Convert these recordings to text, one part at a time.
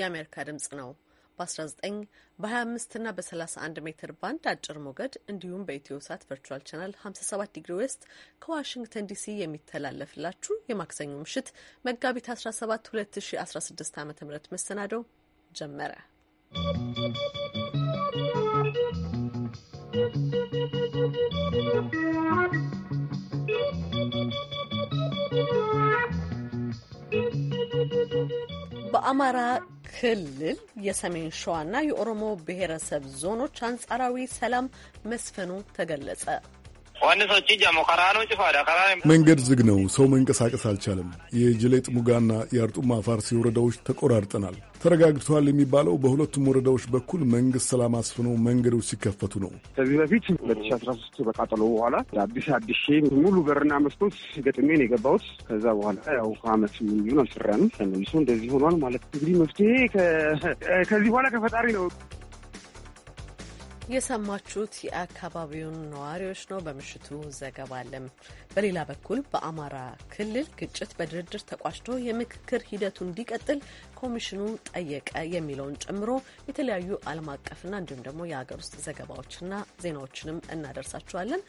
የአሜሪካ ድምጽ ነው። በ19 በ25 እና በ31 ሜትር ባንድ አጭር ሞገድ እንዲሁም በኢትዮ ሳት ቨርቹዋል ቻናል 57 ዲግሪ ዌስት ከዋሽንግተን ዲሲ የሚተላለፍላችሁ የማክሰኞ ምሽት መጋቢት 17 2016 ዓ ም መሰናደው ጀመረ። በአማራ ክልል የሰሜን ሸዋና የኦሮሞ ብሔረሰብ ዞኖች አንጻራዊ ሰላም መስፈኑ ተገለጸ። ከራ ጭፋዳ መንገድ ዝግ ነው። ሰው መንቀሳቀስ አልቻለም። የጅሌጥ ሙጋና የአርጡማ ፋርሲ ወረዳዎች ተቆራርጠናል። ተረጋግቷል የሚባለው በሁለቱም ወረዳዎች በኩል መንግስት ሰላም አስፍኖ መንገዶች ሲከፈቱ ነው። ከዚህ በፊት ሁለት አስራ ሶስት በቃጠሎ በኋላ አዲስ አዲሼ ሙሉ በርና መስኮት ገጥሜ ነው የገባሁት። ከዛ በኋላ ያው ከአመት የሚሆን አልሰራንም። ተመልሶ እንደዚህ ሆኗል ማለት እንግዲህ መፍትሄ ከዚህ በኋላ ከፈጣሪ ነው። የሰማችሁት የአካባቢውን ነዋሪዎች ነው። በምሽቱ ዘገባ አለም። በሌላ በኩል በአማራ ክልል ግጭት በድርድር ተቋጭቶ የምክክር ሂደቱ እንዲቀጥል ኮሚሽኑ ጠየቀ የሚለውን ጨምሮ የተለያዩ ዓለም አቀፍና እንዲሁም ደግሞ የሀገር ውስጥ ዘገባዎችና ዜናዎችንም እናደርሳችኋለን።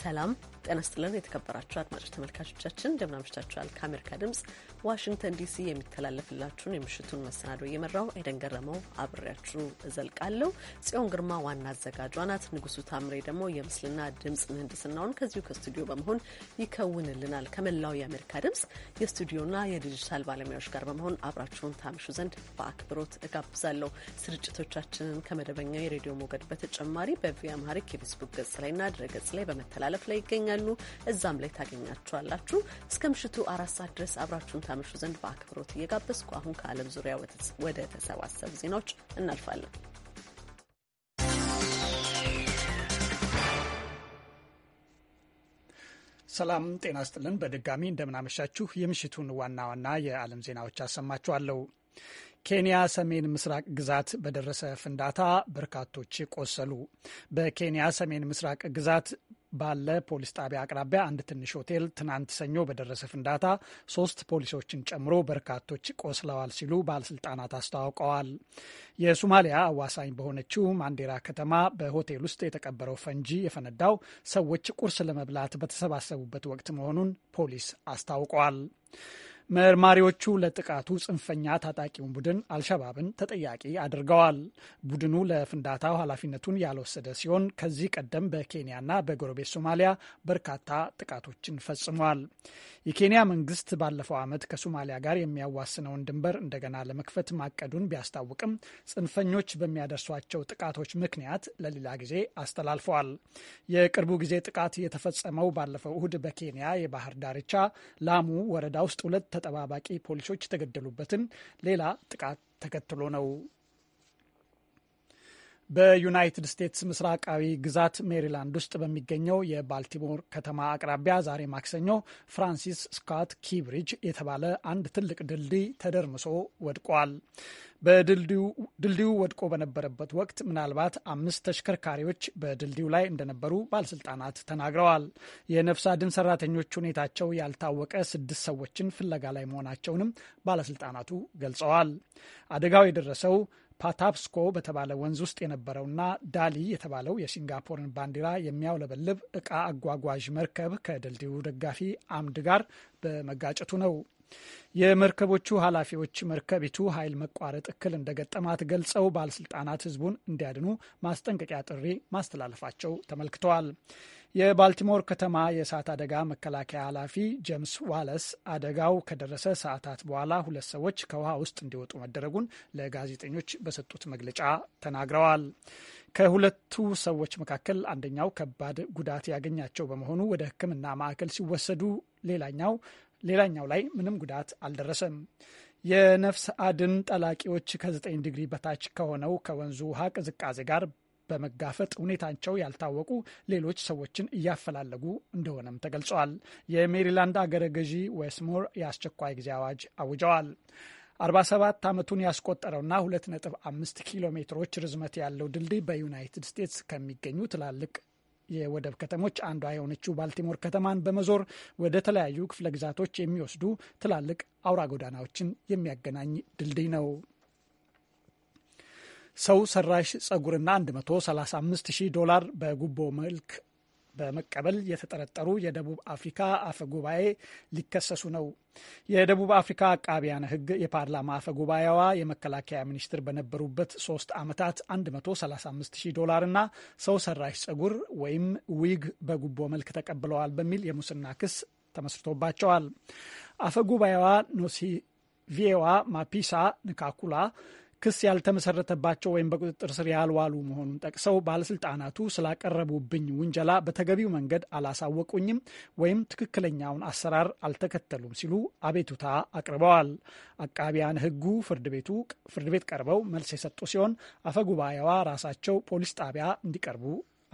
ሰላም ጤና ይስጥልን። የተከበራችሁ አድማጮች ተመልካቾቻችን እንደምናምሽታችኋል። ከአሜሪካ ድምጽ ዋሽንግተን ዲሲ የሚተላለፍላችሁን የምሽቱን መሰናዶ እየመራው ኤደን ገረመው አብሬያችሁ እዘልቃለሁ። ጽዮን ግርማ ዋና አዘጋጇ ናት። ንጉሱ ታምሬ ደግሞ የምስልና ድምጽ ምህንድስናውን ከዚሁ ከስቱዲዮ በመሆን ይከውንልናል። ከመላው የአሜሪካ ድምጽ የስቱዲዮና የዲጂታል ባለሙያዎች ጋር በመሆን አብራችሁን ታም ታመሹ ዘንድ በአክብሮት እጋብዛለሁ። ስርጭቶቻችንን ከመደበኛው የሬዲዮ ሞገድ በተጨማሪ በቪኦኤ አማርኛ የፌስቡክ ገጽ ላይና ድረገጽ ላይ በመተላለፍ ላይ ይገኛሉ። እዛም ላይ ታገኛችኋላችሁ። እስከ ምሽቱ አራት ሰዓት ድረስ አብራችሁን ታመሹ ዘንድ በአክብሮት እየጋበዝኩ አሁን ከዓለም ዙሪያ ወደ ተሰባሰቡ ዜናዎች እናልፋለን። ሰላም ጤና ስጥልን። በድጋሚ እንደምናመሻችሁ የምሽቱን ዋና ዋና የዓለም ዜናዎች አሰማችኋለሁ። ኬንያ ሰሜን ምስራቅ ግዛት በደረሰ ፍንዳታ በርካቶች ቆሰሉ። በኬንያ ሰሜን ምስራቅ ግዛት ባለ ፖሊስ ጣቢያ አቅራቢያ አንድ ትንሽ ሆቴል ትናንት ሰኞ በደረሰ ፍንዳታ ሶስት ፖሊሶችን ጨምሮ በርካቶች ቆስለዋል ሲሉ ባለስልጣናት አስታውቀዋል። የሶማሊያ አዋሳኝ በሆነችው ማንዴራ ከተማ በሆቴል ውስጥ የተቀበረው ፈንጂ የፈነዳው ሰዎች ቁርስ ለመብላት በተሰባሰቡበት ወቅት መሆኑን ፖሊስ አስታውቀዋል። መርማሪዎቹ ለጥቃቱ ጽንፈኛ ታጣቂውን ቡድን አልሸባብን ተጠያቂ አድርገዋል። ቡድኑ ለፍንዳታው ኃላፊነቱን ያልወሰደ ሲሆን ከዚህ ቀደም በኬንያና በጎረቤት ሶማሊያ በርካታ ጥቃቶችን ፈጽሟል። የኬንያ መንግስት ባለፈው ዓመት ከሶማሊያ ጋር የሚያዋስነውን ድንበር እንደገና ለመክፈት ማቀዱን ቢያስታውቅም ጽንፈኞች በሚያደርሷቸው ጥቃቶች ምክንያት ለሌላ ጊዜ አስተላልፈዋል። የቅርቡ ጊዜ ጥቃት የተፈጸመው ባለፈው እሁድ በኬንያ የባህር ዳርቻ ላሙ ወረዳ ውስጥ ሁለት ተጠባባቂ ፖሊሶች የተገደሉበትን ሌላ ጥቃት ተከትሎ ነው። በዩናይትድ ስቴትስ ምስራቃዊ ግዛት ሜሪላንድ ውስጥ በሚገኘው የባልቲሞር ከተማ አቅራቢያ ዛሬ ማክሰኞ ፍራንሲስ ስኮት ኪብሪጅ የተባለ አንድ ትልቅ ድልድይ ተደርምሶ ወድቋል። በድልድዩ ወድቆ በነበረበት ወቅት ምናልባት አምስት ተሽከርካሪዎች በድልድዩ ላይ እንደነበሩ ባለስልጣናት ተናግረዋል። የነፍስ አድን ሰራተኞች ሁኔታቸው ያልታወቀ ስድስት ሰዎችን ፍለጋ ላይ መሆናቸውንም ባለስልጣናቱ ገልጸዋል። አደጋው የደረሰው ፓታፕስኮ በተባለ ወንዝ ውስጥ የነበረውና ዳሊ የተባለው የሲንጋፖርን ባንዲራ የሚያውለበልብ ዕቃ አጓጓዥ መርከብ ከድልድዩ ደጋፊ አምድ ጋር በመጋጨቱ ነው። የመርከቦቹ ኃላፊዎች መርከቢቱ ኃይል መቋረጥ እክል እንደገጠማት ገልጸው ባለስልጣናት ህዝቡን እንዲያድኑ ማስጠንቀቂያ ጥሪ ማስተላለፋቸው ተመልክተዋል። የባልቲሞር ከተማ የእሳት አደጋ መከላከያ ኃላፊ ጄምስ ዋለስ አደጋው ከደረሰ ሰዓታት በኋላ ሁለት ሰዎች ከውሃ ውስጥ እንዲወጡ መደረጉን ለጋዜጠኞች በሰጡት መግለጫ ተናግረዋል። ከሁለቱ ሰዎች መካከል አንደኛው ከባድ ጉዳት ያገኛቸው በመሆኑ ወደ ሕክምና ማዕከል ሲወሰዱ፣ ሌላኛው ሌላኛው ላይ ምንም ጉዳት አልደረሰም። የነፍስ አድን ጠላቂዎች ከ9 ዲግሪ በታች ከሆነው ከወንዙ ውሃ ቅዝቃዜ ጋር በመጋፈጥ ሁኔታቸው ያልታወቁ ሌሎች ሰዎችን እያፈላለጉ እንደሆነም ተገልጿል። የሜሪላንድ አገረ ገዢ ዌስሞር የአስቸኳይ ጊዜ አዋጅ አውጀዋል። 47 ዓመቱን ያስቆጠረውና 2.5 ኪሎ ሜትሮች ርዝመት ያለው ድልድይ በዩናይትድ ስቴትስ ከሚገኙ ትላልቅ የወደብ ከተሞች አንዷ የሆነችው ባልቲሞር ከተማን በመዞር ወደ ተለያዩ ክፍለ ግዛቶች የሚወስዱ ትላልቅ አውራ ጎዳናዎችን የሚያገናኝ ድልድይ ነው። ሰው ሰራሽ ጸጉርና 135 ሺህ ዶላር በጉቦ መልክ በመቀበል የተጠረጠሩ የደቡብ አፍሪካ አፈ ጉባኤ ሊከሰሱ ነው። የደቡብ አፍሪካ አቃቢያነ ሕግ የፓርላማ አፈ ጉባኤዋ የመከላከያ ሚኒስትር በነበሩበት ሶስት ዓመታት 135 ሺህ ዶላርና ሰው ሰራሽ ጸጉር ወይም ዊግ በጉቦ መልክ ተቀብለዋል በሚል የሙስና ክስ ተመስርቶባቸዋል። አፈ ጉባኤዋ ኖሲቪዋ ማፒሳ ንካኩላ ክስ ያልተመሰረተባቸው ወይም በቁጥጥር ስር ያልዋሉ መሆኑን ጠቅሰው ባለስልጣናቱ ስላቀረቡብኝ ውንጀላ በተገቢው መንገድ አላሳወቁኝም ወይም ትክክለኛውን አሰራር አልተከተሉም ሲሉ አቤቱታ አቅርበዋል። አቃቢያን ሕጉ ፍርድ ቤቱ ፍርድ ቤት ቀርበው መልስ የሰጡ ሲሆን አፈጉባኤዋ ራሳቸው ፖሊስ ጣቢያ እንዲቀርቡ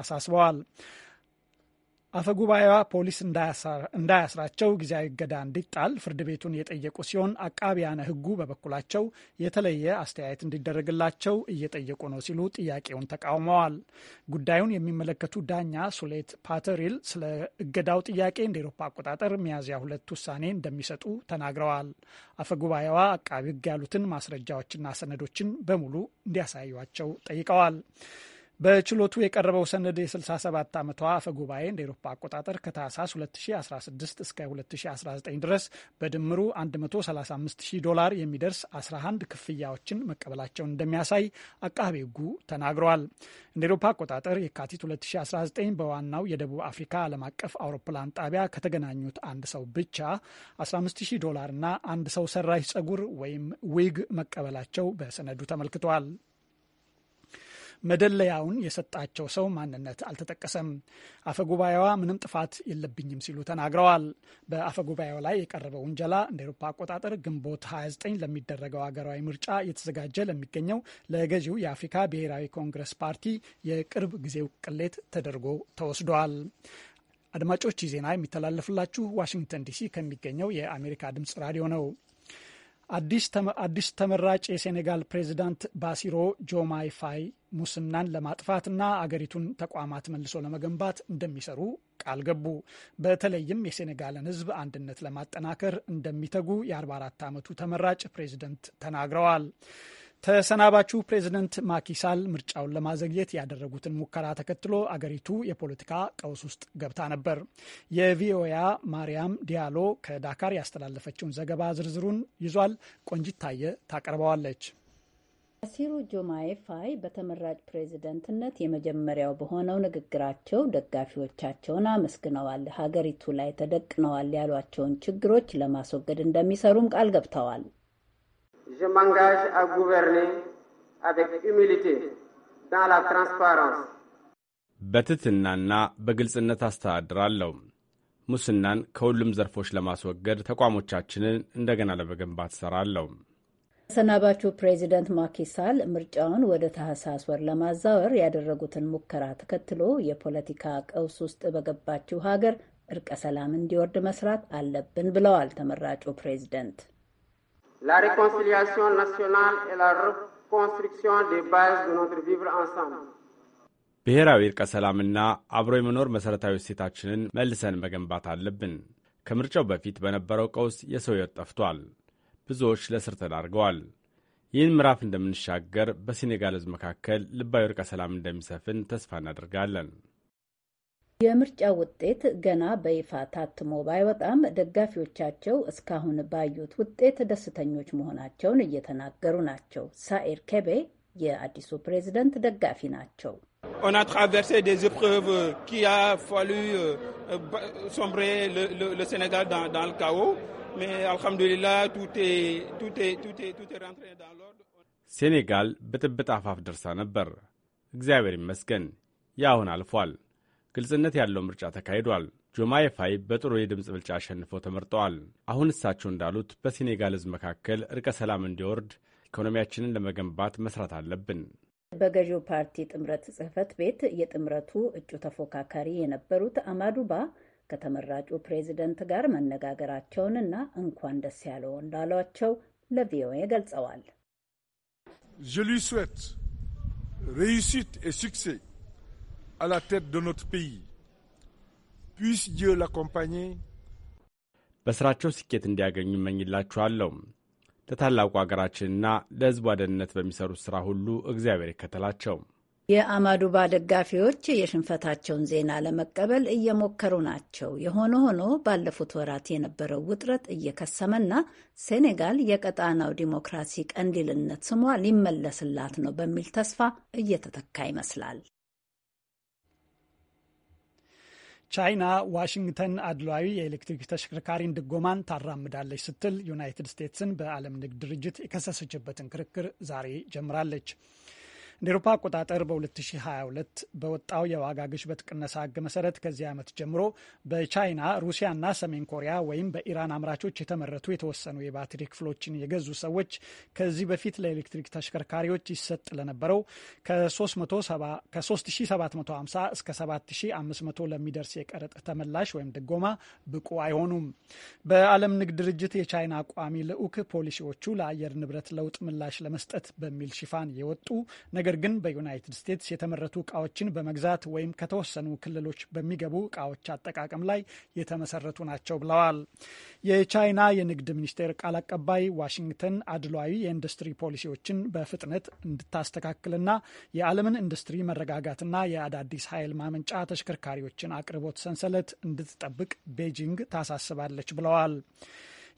አሳስበዋል። አፈጉባኤዋ ፖሊስ እንዳያስራቸው ጊዜያዊ እገዳ እንዲጣል ፍርድ ቤቱን የጠየቁ ሲሆን አቃቢያነ ሕጉ በበኩላቸው የተለየ አስተያየት እንዲደረግላቸው እየጠየቁ ነው ሲሉ ጥያቄውን ተቃውመዋል። ጉዳዩን የሚመለከቱ ዳኛ ሱሌት ፓተሪል ስለ እገዳው ጥያቄ እንደ ኤሮፓ አቆጣጠር ሚያዝያ ሁለት ውሳኔ እንደሚሰጡ ተናግረዋል። አፈጉባኤዋ አቃቢ ሕግ ያሉትን ማስረጃዎችና ሰነዶችን በሙሉ እንዲያሳዩቸው ጠይቀዋል። በችሎቱ የቀረበው ሰነድ የ67 ዓመቷ አፈ ጉባኤ እንደ ኤሮፓ አቆጣጠር ከታህሳስ 2016 እስከ 2019 ድረስ በድምሩ 135 ዶላር የሚደርስ 11 ክፍያዎችን መቀበላቸውን እንደሚያሳይ አቃቤ ሕጉ ተናግረዋል። እንደ ኤሮፓ አቆጣጠር የካቲት 2019 በዋናው የደቡብ አፍሪካ ዓለም አቀፍ አውሮፕላን ጣቢያ ከተገናኙት አንድ ሰው ብቻ 150 ዶላር ዶላርና አንድ ሰው ሰራሽ ጸጉር ወይም ዊግ መቀበላቸው በሰነዱ ተመልክተዋል። መደለያውን የሰጣቸው ሰው ማንነት አልተጠቀሰም። አፈጉባኤዋ ምንም ጥፋት የለብኝም ሲሉ ተናግረዋል። በአፈጉባኤው ላይ የቀረበው ውንጀላ እንደ ኤሮፓ አቆጣጠር ግንቦት 29 ለሚደረገው ሀገራዊ ምርጫ እየተዘጋጀ ለሚገኘው ለገዢው የአፍሪካ ብሔራዊ ኮንግረስ ፓርቲ የቅርብ ጊዜው ቅሌት ተደርጎ ተወስዷል። አድማጮች ይህ ዜና የሚተላለፍላችሁ ዋሽንግተን ዲሲ ከሚገኘው የአሜሪካ ድምጽ ራዲዮ ነው። አዲስ ተመራጭ የሴኔጋል ፕሬዚዳንት ባሲሮ ጆማይ ፋይ ሙስናን ለማጥፋትና አገሪቱን ተቋማት መልሶ ለመገንባት እንደሚሰሩ ቃል ገቡ። በተለይም የሴኔጋልን ሕዝብ አንድነት ለማጠናከር እንደሚተጉ የ44 ዓመቱ ተመራጭ ፕሬዚደንት ተናግረዋል። ተሰናባቹ ፕሬዚደንት ማኪሳል ምርጫውን ለማዘግየት ያደረጉትን ሙከራ ተከትሎ አገሪቱ የፖለቲካ ቀውስ ውስጥ ገብታ ነበር። የቪኦኤ ማርያም ዲያሎ ከዳካር ያስተላለፈችውን ዘገባ ዝርዝሩን ይዟል። ቆንጂት ታየ ታቀርበዋለች። አሲሩ ጆማይፋይ በተመራጭ ፕሬዝደንትነት የመጀመሪያው በሆነው ንግግራቸው ደጋፊዎቻቸውን አመስግነዋል። ሀገሪቱ ላይ ተደቅነዋል ያሏቸውን ችግሮች ለማስወገድ እንደሚሰሩም ቃል ገብተዋል። አቬክ ሁሚሊቴ ዳን ላ ትራንስፓራንስ በትትናና በግልጽነት አስተዳድራለሁ። ሙስናን ከሁሉም ዘርፎች ለማስወገድ ተቋሞቻችንን እንደገና ለመገንባት እሰራለሁ። ተሰናባቹ ፕሬዚደንት ማኪሳል ምርጫውን ወደ ታህሳስ ወር ለማዛወር ያደረጉትን ሙከራ ተከትሎ የፖለቲካ ቀውስ ውስጥ በገባችው ሀገር እርቀ ሰላም እንዲወርድ መስራት አለብን ብለዋል ተመራጩ ፕሬዚደንት። ብሔራዊ እርቀ ሰላምና አብሮ የመኖር መሠረታዊ እሴታችንን መልሰን መገንባት አለብን። ከምርጫው በፊት በነበረው ቀውስ የሰው ሕይወት ጠፍቷል። ብዙዎች ለእስር ተዳርገዋል። ይህን ምዕራፍ እንደምንሻገር በሴኔጋል ህዝብ መካከል ልባዊ እርቀ ሰላም እንደሚሰፍን ተስፋ እናደርጋለን። የምርጫው ውጤት ገና በይፋ ታትሞ ባይወጣም ደጋፊዎቻቸው እስካሁን ባዩት ውጤት ደስተኞች መሆናቸውን እየተናገሩ ናቸው። ሳኤር ኬቤ የአዲሱ ፕሬዝደንት ደጋፊ ናቸው። mais alhamdulillah tout est, tout est, tout est, tout est rentré dans l'ordre. ሴኔጋል ብጥብጥ አፋፍ ደርሳ ነበር። እግዚአብሔር ይመስገን ያሁን አልፏል። ግልጽነት ያለው ምርጫ ተካሂዷል። ጆማይ ፋይ በጥሩ የድምፅ ብልጫ አሸንፈው ተመርጠዋል። አሁን እሳቸው እንዳሉት በሴኔጋል ሕዝብ መካከል እርቀ ሰላም እንዲወርድ ኢኮኖሚያችንን ለመገንባት መስራት አለብን። በገዢው ፓርቲ ጥምረት ጽህፈት ቤት የጥምረቱ እጩ ተፎካካሪ የነበሩት አማዱባ ከተመራጩ ፕሬዚደንት ጋር መነጋገራቸውንና እንኳን ደስ ያለው እንዳሏቸው ለቪኦኤ ገልጸዋል። በስራቸው ስኬት እንዲያገኙ እመኝላችኋለሁ። ለታላቁ አገራችንና ለሕዝቧ አደንነት በሚሰሩት ሥራ ሁሉ እግዚአብሔር ይከተላቸው። የአማዱባ ደጋፊዎች የሽንፈታቸውን ዜና ለመቀበል እየሞከሩ ናቸው። የሆነ ሆኖ ባለፉት ወራት የነበረው ውጥረት እየከሰመና ሴኔጋል የቀጣናው ዲሞክራሲ ቀንዲልነት ስሟ ሊመለስላት ነው በሚል ተስፋ እየተተካ ይመስላል። ቻይና ዋሽንግተን አድሏዊ የኤሌክትሪክ ተሽከርካሪን ድጎማን ታራምዳለች ስትል ዩናይትድ ስቴትስን በዓለም ንግድ ድርጅት የከሰሰችበትን ክርክር ዛሬ ጀምራለች። እንደ ኤሮፓ አቆጣጠር በ2022 በወጣው የዋጋ ግሽበት ቅነሳ ሕግ መሰረት ከዚህ ዓመት ጀምሮ በቻይና ሩሲያና ሰሜን ኮሪያ ወይም በኢራን አምራቾች የተመረቱ የተወሰኑ የባትሪ ክፍሎችን የገዙ ሰዎች ከዚህ በፊት ለኤሌክትሪክ ተሽከርካሪዎች ይሰጥ ለነበረው ከ3750 እስከ 7500 ለሚደርስ የቀረጥ ተመላሽ ወይም ድጎማ ብቁ አይሆኑም። በዓለም ንግድ ድርጅት የቻይና ቋሚ ልዑክ ፖሊሲዎቹ ለአየር ንብረት ለውጥ ምላሽ ለመስጠት በሚል ሽፋን የወጡ ነገር ነገር ግን በዩናይትድ ስቴትስ የተመረቱ እቃዎችን በመግዛት ወይም ከተወሰኑ ክልሎች በሚገቡ እቃዎች አጠቃቀም ላይ የተመሰረቱ ናቸው ብለዋል። የቻይና የንግድ ሚኒስቴር ቃል አቀባይ ዋሽንግተን አድሏዊ የኢንዱስትሪ ፖሊሲዎችን በፍጥነት እንድታስተካክልና የዓለምን ኢንዱስትሪ መረጋጋትና የአዳዲስ ኃይል ማመንጫ ተሽከርካሪዎችን አቅርቦት ሰንሰለት እንድትጠብቅ ቤጂንግ ታሳስባለች ብለዋል።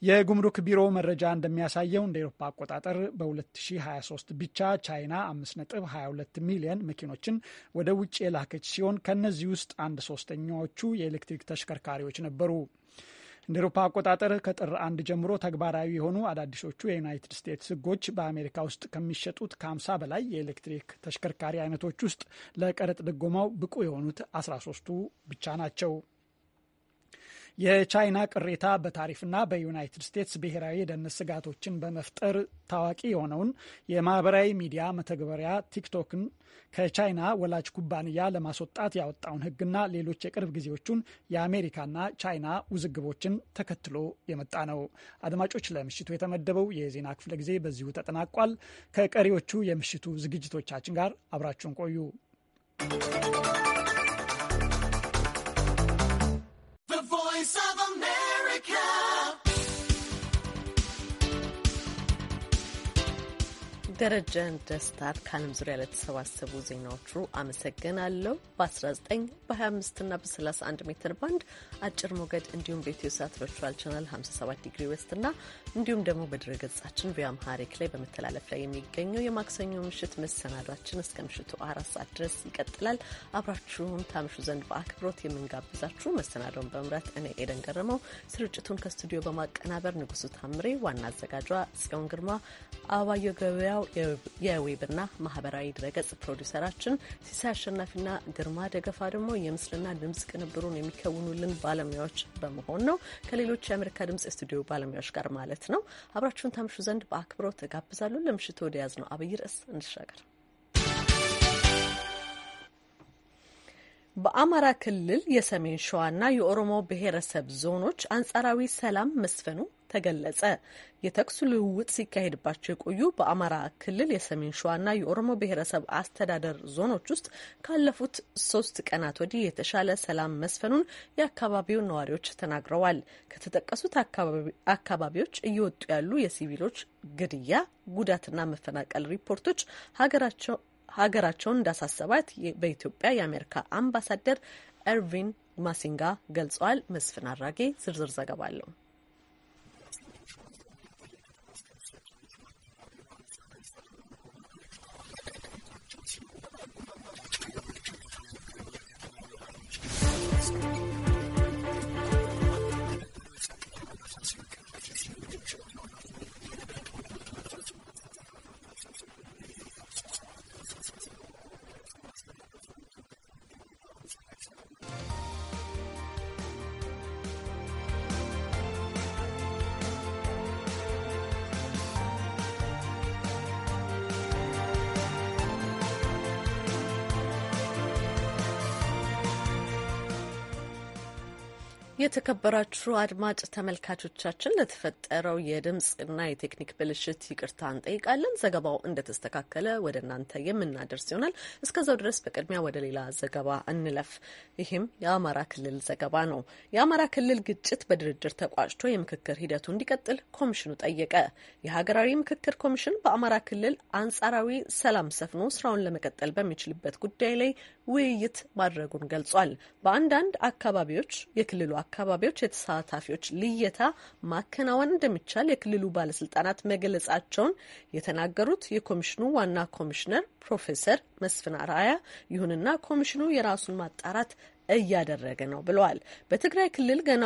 የጉምሩክ ቢሮ መረጃ እንደሚያሳየው እንደ ኤሮፓ አቆጣጠር በ2023 ብቻ ቻይና 5.22 ሚሊዮን መኪኖችን ወደ ውጭ የላከች ሲሆን ከእነዚህ ውስጥ አንድ ሶስተኛዎቹ የኤሌክትሪክ ተሽከርካሪዎች ነበሩ። እንደ ኤሮፓ አቆጣጠር ከጥር አንድ ጀምሮ ተግባራዊ የሆኑ አዳዲሶቹ የዩናይትድ ስቴትስ ሕጎች በአሜሪካ ውስጥ ከሚሸጡት ከ50 በላይ የኤሌክትሪክ ተሽከርካሪ አይነቶች ውስጥ ለቀረጥ ድጎማው ብቁ የሆኑት 13ቱ ብቻ ናቸው። የቻይና ቅሬታ በታሪፍና በዩናይትድ ስቴትስ ብሔራዊ የደህንነት ስጋቶችን በመፍጠር ታዋቂ የሆነውን የማህበራዊ ሚዲያ መተግበሪያ ቲክቶክን ከቻይና ወላጅ ኩባንያ ለማስወጣት ያወጣውን ሕግና ሌሎች የቅርብ ጊዜዎቹን የአሜሪካና ቻይና ውዝግቦችን ተከትሎ የመጣ ነው። አድማጮች፣ ለምሽቱ የተመደበው የዜና ክፍለ ጊዜ በዚሁ ተጠናቋል። ከቀሪዎቹ የምሽቱ ዝግጅቶቻችን ጋር አብራችሁን ቆዩ። ደረጀን ደስታት ከዓለም ዙሪያ ለተሰባሰቡ ዜናዎቹ አመሰግናለሁ። በ19 በ25 እና በ31 ሜትር ባንድ አጭር ሞገድ እንዲሁም በኢትዮ ሳት ቨርቹዋል ቻናል 57 ዲግሪ ዌስት እና እንዲሁም ደግሞ ገጻችን ቪያምሃሪክ ላይ በመተላለፍ ላይ የሚገኘው የማክሰኞ ምሽት መሰናዷችን እስከ ምሽቱ አራት ሰዓት ድረስ ይቀጥላል። አብራችሁን ታምሹ ዘንድ በአክብሮት የምንጋብዛችሁ መሰናዶውን በመምራት እኔ ኤደን ገረመው፣ ስርጭቱን ከስቱዲዮ በማቀናበር ንጉሱ ታምሬ፣ ዋና አዘጋጇ ጽዮን ግርማ፣ አበባየሁ ገበያው የዌብና ማህበራዊ ድረገጽ ፕሮዲውሰራችን ሲሳ አሸናፊና ግርማ ደገፋ ደግሞ የምስልና ድምጽ ቅንብሩን የሚከውኑልን ባለሙያዎች በመሆን ነው ከሌሎች የአሜሪካ ድምጽ ስቱዲዮ ባለሙያዎች ጋር ማለት ነው። አብራችሁን ታምሹ ዘንድ በአክብሮት ተጋብዛሉ። ለምሽቱ ወደ ያዝ ነው አብይ ርዕስ እንሻገር። በአማራ ክልል የሰሜን ሸዋና የኦሮሞ ብሔረሰብ ዞኖች አንጻራዊ ሰላም መስፈኑ ተገለጸ። የተኩስ ልውውጥ ሲካሄድባቸው የቆዩ በአማራ ክልል የሰሜን ሸዋና የኦሮሞ ብሔረሰብ አስተዳደር ዞኖች ውስጥ ካለፉት ሶስት ቀናት ወዲህ የተሻለ ሰላም መስፈኑን የአካባቢው ነዋሪዎች ተናግረዋል። ከተጠቀሱት አካባቢዎች እየወጡ ያሉ የሲቪሎች ግድያ፣ ጉዳትና መፈናቀል ሪፖርቶች ሀገራቸው ሀገራቸውን እንዳሳሰባት በኢትዮጵያ የአሜሪካ አምባሳደር ኤርቪን ማሲንጋ ገልጸዋል። መስፍን አራጌ ዝርዝር ዘገባ አለው። የተከበራችሁ አድማጭ ተመልካቾቻችን ለተፈጠረው የድምፅና የቴክኒክ ብልሽት ይቅርታ እንጠይቃለን። ዘገባው እንደተስተካከለ ወደ እናንተ የምናደርስ ይሆናል። እስከዛው ድረስ በቅድሚያ ወደ ሌላ ዘገባ እንለፍ። ይህም የአማራ ክልል ዘገባ ነው። የአማራ ክልል ግጭት በድርድር ተቋጭቶ የምክክር ሂደቱ እንዲቀጥል ኮሚሽኑ ጠየቀ። የሀገራዊ ምክክር ኮሚሽን በአማራ ክልል አንጻራዊ ሰላም ሰፍኖ ስራውን ለመቀጠል በሚችልበት ጉዳይ ላይ ውይይት ማድረጉን ገልጿል። በአንዳንድ አካባቢዎች የክልሉ አካባቢዎች የተሳታፊዎች ልየታ ማከናወን እንደሚቻል የክልሉ ባለስልጣናት መገለጻቸውን የተናገሩት የኮሚሽኑ ዋና ኮሚሽነር ፕሮፌሰር መስፍን አርአያ፣ ይሁንና ኮሚሽኑ የራሱን ማጣራት እያደረገ ነው ብለዋል። በትግራይ ክልል ገና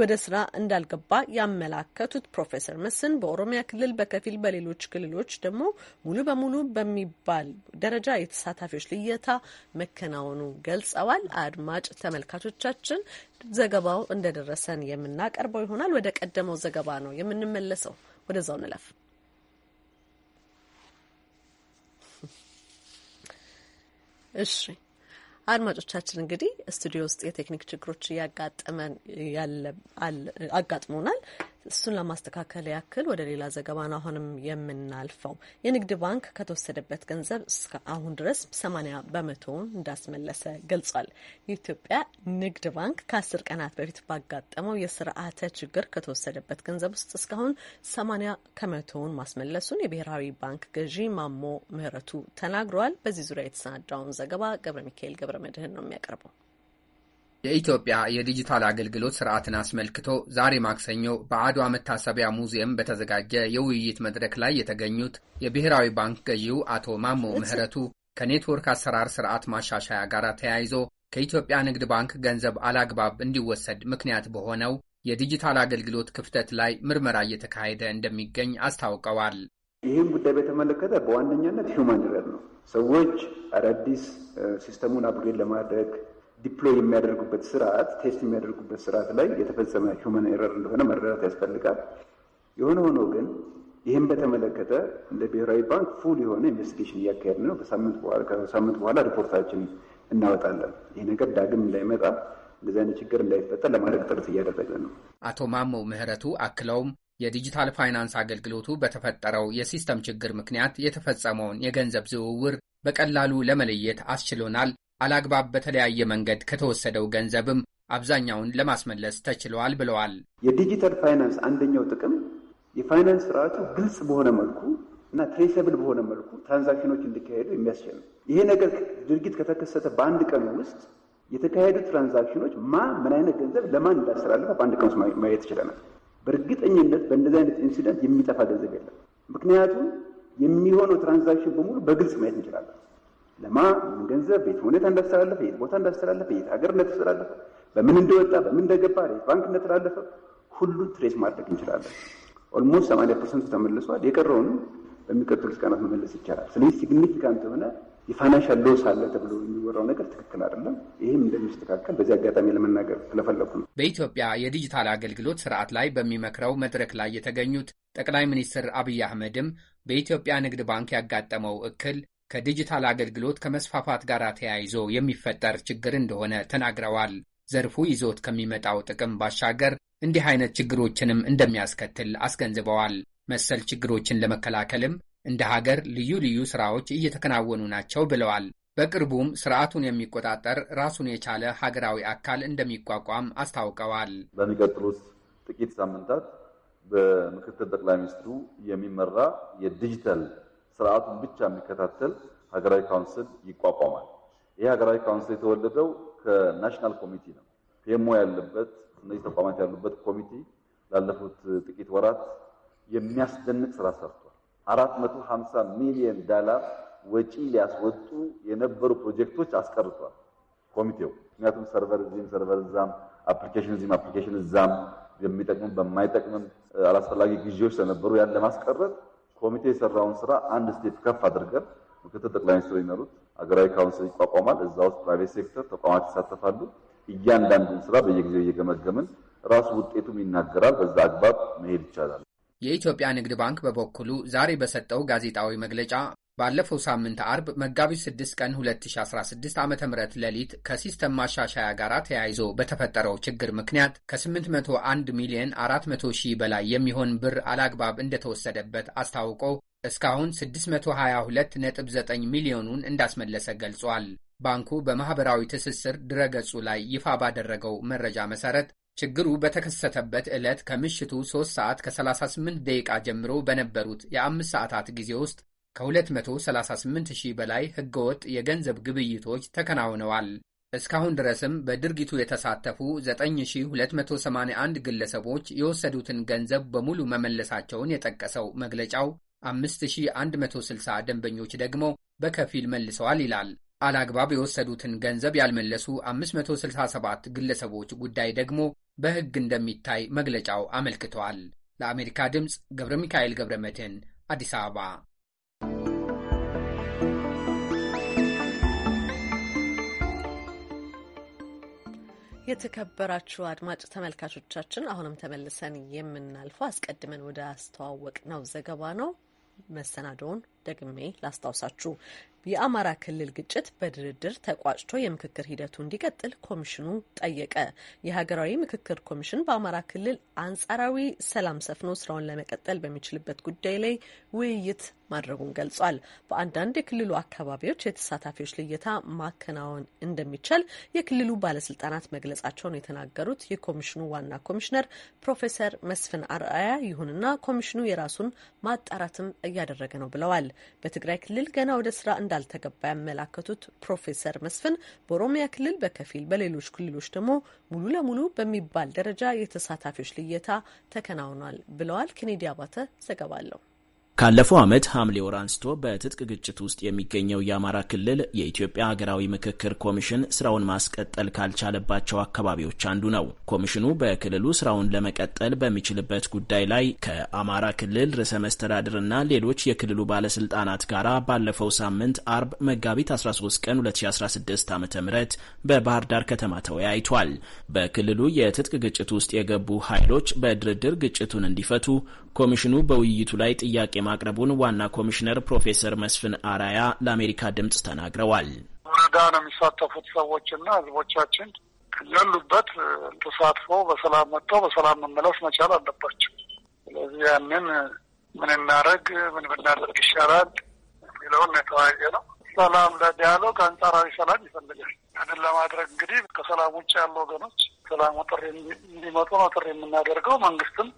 ወደ ስራ እንዳልገባ ያመላከቱት ፕሮፌሰር መስን በኦሮሚያ ክልል በከፊል በሌሎች ክልሎች ደግሞ ሙሉ በሙሉ በሚባል ደረጃ የተሳታፊዎች ልየታ መከናወኑ ገልጸዋል። አድማጭ ተመልካቾቻችን ዘገባው እንደደረሰን የምናቀርበው ይሆናል። ወደ ቀደመው ዘገባ ነው የምንመለሰው። ወደዛው ንለፍ። እሺ አድማጮቻችን እንግዲህ ስቱዲዮ ውስጥ የቴክኒክ ችግሮች እያጋጠመን አጋጥሞናል። እሱን ለማስተካከል ያክል ወደ ሌላ ዘገባ ነው አሁንም የምናልፈው። የንግድ ባንክ ከተወሰደበት ገንዘብ እስከ አሁን ድረስ ሰማኒያ በመቶውን እንዳስመለሰ ገልጿል። የኢትዮጵያ ንግድ ባንክ ከአስር ቀናት በፊት ባጋጠመው የስርዓተ ችግር ከተወሰደበት ገንዘብ ውስጥ እስካሁን ሰማኒያ ከመቶውን ማስመለሱን የብሔራዊ ባንክ ገዢ ማሞ ምህረቱ ተናግረዋል። በዚህ ዙሪያ የተሰናዳውን ዘገባ ገብረ ሚካኤል ገብረ መድህን ነው የሚያቀርበው። የኢትዮጵያ የዲጂታል አገልግሎት ስርዓትን አስመልክቶ ዛሬ ማክሰኞ በአድዋ መታሰቢያ ሙዚየም በተዘጋጀ የውይይት መድረክ ላይ የተገኙት የብሔራዊ ባንክ ገዢው አቶ ማሞ ምህረቱ ከኔትወርክ አሰራር ስርዓት ማሻሻያ ጋር ተያይዞ ከኢትዮጵያ ንግድ ባንክ ገንዘብ አላግባብ እንዲወሰድ ምክንያት በሆነው የዲጂታል አገልግሎት ክፍተት ላይ ምርመራ እየተካሄደ እንደሚገኝ አስታውቀዋል። ይህም ጉዳይ በተመለከተ በዋነኛነት ሂውማን ኤረር ነው። ሰዎች አዳዲስ ሲስተሙን አፕግሬድ ለማድረግ ዲፕሎይ የሚያደርጉበት ስርዓት ቴስት የሚያደርጉበት ስርዓት ላይ የተፈጸመ ሁመን ኤረር እንደሆነ መረዳት ያስፈልጋል። የሆነ ሆኖ ግን ይህም በተመለከተ እንደ ብሔራዊ ባንክ ፉል የሆነ ኢንቨስቲጌሽን እያካሄድ ነው። ከሳምንት በኋላ ሪፖርታችን እናወጣለን። ይህ ነገር ዳግም እንዳይመጣ እንደዚህ አይነት ችግር እንዳይፈጠር ለማድረግ ጥረት እያደረገ ነው። አቶ ማሞ ምህረቱ አክለውም የዲጂታል ፋይናንስ አገልግሎቱ በተፈጠረው የሲስተም ችግር ምክንያት የተፈጸመውን የገንዘብ ዝውውር በቀላሉ ለመለየት አስችሎናል አላግባብ በተለያየ መንገድ ከተወሰደው ገንዘብም አብዛኛውን ለማስመለስ ተችሏል ብለዋል። የዲጂታል ፋይናንስ አንደኛው ጥቅም የፋይናንስ ስርዓቱ ግልጽ በሆነ መልኩ እና ትሬሰብል በሆነ መልኩ ትራንዛክሽኖች እንዲካሄዱ የሚያስችል ነው። ይሄ ነገር ድርጊት ከተከሰተ በአንድ ቀን ውስጥ የተካሄዱ ትራንዛክሽኖች ማ ምን አይነት ገንዘብ ለማን እንዳስተላለፈ በአንድ ቀን ውስጥ ማየት ይችለናል። በእርግጠኝነት በእንደዚህ አይነት ኢንሲደንት የሚጠፋ ገንዘብ የለም። ምክንያቱም የሚሆነው ትራንዛክሽን በሙሉ በግልጽ ማየት እንችላለን። ለማ ምን ገንዘብ ቤት ሁኔታ እንዳስተላለፈ የት ቦታ እንዳስተላለፈ የት ሀገር እንደተስተላለፈ በምን እንደወጣ በምን እንደገባ የት ባንክ እንደተላለፈ ሁሉ ትሬስ ማድረግ እንችላለን። ኦልሞስት 80 ፐርሰንቱ ተመልሷል። የቀረውንም በሚቀጥሉት ቀናት መመለስ ይቻላል። ስለዚህ ሲግኒፊካንት የሆነ የፋይናንሻል ሎስ አለ ተብሎ የሚወራው ነገር ትክክል አይደለም። ይህም እንደሚስተካከል በዚህ አጋጣሚ ለመናገር ስለፈለኩ ነው። በኢትዮጵያ የዲጂታል አገልግሎት ስርዓት ላይ በሚመክረው መድረክ ላይ የተገኙት ጠቅላይ ሚኒስትር አብይ አህመድም በኢትዮጵያ ንግድ ባንክ ያጋጠመው እክል ከዲጂታል አገልግሎት ከመስፋፋት ጋር ተያይዞ የሚፈጠር ችግር እንደሆነ ተናግረዋል። ዘርፉ ይዞት ከሚመጣው ጥቅም ባሻገር እንዲህ አይነት ችግሮችንም እንደሚያስከትል አስገንዝበዋል። መሰል ችግሮችን ለመከላከልም እንደ ሀገር ልዩ ልዩ ስራዎች እየተከናወኑ ናቸው ብለዋል። በቅርቡም ስርዓቱን የሚቆጣጠር ራሱን የቻለ ሀገራዊ አካል እንደሚቋቋም አስታውቀዋል። በሚቀጥሉት ጥቂት ሳምንታት በምክትል ጠቅላይ ሚኒስትሩ የሚመራ የዲጂታል ስርዓቱን ብቻ የሚከታተል ሀገራዊ ካውንስል ይቋቋማል። ይህ ሀገራዊ ካውንስል የተወለደው ከናሽናል ኮሚቲ ነው። ፒኤምኦ ያለበት እነዚህ ተቋማት ያሉበት ኮሚቲ ላለፉት ጥቂት ወራት የሚያስደንቅ ስራ ሰርቷል። አራት መቶ ሀምሳ ሚሊዮን ዳላር ወጪ ሊያስወጡ የነበሩ ፕሮጀክቶች አስቀርቷል ኮሚቴው። ምክንያቱም ሰርቨር እዚህም ሰርቨር እዛም፣ አፕሊኬሽን እዚህም አፕሊኬሽን እዛም፣ የሚጠቅምም በማይጠቅምም አላስፈላጊ ግዢዎች ስለነበሩ ያን ለማስቀረት ኮሚቴ የሰራውን ስራ አንድ ስቴፕ ከፍ አድርገን ምክትል ጠቅላይ ሚኒስትሩ ይመሩት ሀገራዊ ካውንስል ይቋቋማል። እዛ ውስጥ ፕራይቬት ሴክተር ተቋማት ይሳተፋሉ። እያንዳንዱን ስራ በየጊዜው እየገመገምን ራሱ ውጤቱም ይናገራል። በዛ አግባብ መሄድ ይቻላል። የኢትዮጵያ ንግድ ባንክ በበኩሉ ዛሬ በሰጠው ጋዜጣዊ መግለጫ ባለፈው ሳምንት አርብ መጋቢት 6 ቀን 2016 ዓ ም ሌሊት ከሲስተም ማሻሻያ ጋር ተያይዞ በተፈጠረው ችግር ምክንያት ከ801 ሚሊዮን 400 ሺህ በላይ የሚሆን ብር አላግባብ እንደተወሰደበት አስታውቆ እስካሁን 622.9 ሚሊዮኑን እንዳስመለሰ ገልጿል። ባንኩ በማኅበራዊ ትስስር ድረገጹ ላይ ይፋ ባደረገው መረጃ መሠረት ችግሩ በተከሰተበት ዕለት ከምሽቱ 3 ሰዓት ከ38 ደቂቃ ጀምሮ በነበሩት የአምስት ሰዓታት ጊዜ ውስጥ ከ238 ሺህ በላይ ህገወጥ የገንዘብ ግብይቶች ተከናውነዋል። እስካሁን ድረስም በድርጊቱ የተሳተፉ 9281 ግለሰቦች የወሰዱትን ገንዘብ በሙሉ መመለሳቸውን የጠቀሰው መግለጫው 5160 ደንበኞች ደግሞ በከፊል መልሰዋል ይላል። አላግባብ የወሰዱትን ገንዘብ ያልመለሱ 567 ግለሰቦች ጉዳይ ደግሞ በሕግ እንደሚታይ መግለጫው አመልክተዋል። ለአሜሪካ ድምፅ ገብረ ሚካኤል ገብረ መድህን አዲስ አበባ የተከበራችሁ አድማጭ ተመልካቾቻችን አሁንም ተመልሰን የምናልፈው አስቀድመን ወደ አስተዋወቅ ነው ዘገባ ነው መሰናዶውን ደግሜ ላስታውሳችሁ የአማራ ክልል ግጭት በድርድር ተቋጭቶ የምክክር ሂደቱ እንዲቀጥል ኮሚሽኑ ጠየቀ። የሀገራዊ ምክክር ኮሚሽን በአማራ ክልል አንጻራዊ ሰላም ሰፍኖ ስራውን ለመቀጠል በሚችልበት ጉዳይ ላይ ውይይት ማድረጉን ገልጿል። በአንዳንድ የክልሉ አካባቢዎች የተሳታፊዎች ልየታ ማከናወን እንደሚቻል የክልሉ ባለስልጣናት መግለጻቸውን የተናገሩት የኮሚሽኑ ዋና ኮሚሽነር ፕሮፌሰር መስፍን አርአያ፣ ይሁንና ኮሚሽኑ የራሱን ማጣራትም እያደረገ ነው ብለዋል። በትግራይ ክልል ገና ወደ ስራ እንዳልተገባ ያመላከቱት ፕሮፌሰር መስፍን በኦሮሚያ ክልል በከፊል በሌሎች ክልሎች ደግሞ ሙሉ ለሙሉ በሚባል ደረጃ የተሳታፊዎች ልየታ ተከናውኗል ብለዋል። ኬኔዲ አባተ ዘገባ አለው። ካለፈው ዓመት ሐምሌ ወር አንስቶ በትጥቅ ግጭት ውስጥ የሚገኘው የአማራ ክልል የኢትዮጵያ ሀገራዊ ምክክር ኮሚሽን ስራውን ማስቀጠል ካልቻለባቸው አካባቢዎች አንዱ ነው። ኮሚሽኑ በክልሉ ስራውን ለመቀጠል በሚችልበት ጉዳይ ላይ ከአማራ ክልል ርዕሰ መስተዳድርና ሌሎች የክልሉ ባለስልጣናት ጋር ባለፈው ሳምንት አርብ መጋቢት 13 ቀን 2016 ዓ ም በባህር ዳር ከተማ ተወያይቷል። በክልሉ የትጥቅ ግጭት ውስጥ የገቡ ኃይሎች በድርድር ግጭቱን እንዲፈቱ ኮሚሽኑ በውይይቱ ላይ ጥያቄ ማቅረቡን ዋና ኮሚሽነር ፕሮፌሰር መስፍን አራያ ለአሜሪካ ድምፅ ተናግረዋል። ወረዳ ነው የሚሳተፉት ሰዎችና ህዝቦቻችን ያሉበት ተሳትፎ በሰላም መጥተው በሰላም መመለስ መቻል አለባቸው። ስለዚህ ያንን ምን እናደርግ ምን ብናደርግ ይሻላል የሚለውን የተወያየ ነው። ሰላም ለዲያሎግ አንጻራዊ ሰላም ይፈልጋል። ያንን ለማድረግ እንግዲህ ከሰላም ውጭ ያሉ ወገኖች ሰላሙ ጥሪ እንዲመጡ ነው ጥሪ የምናደርገው መንግስትም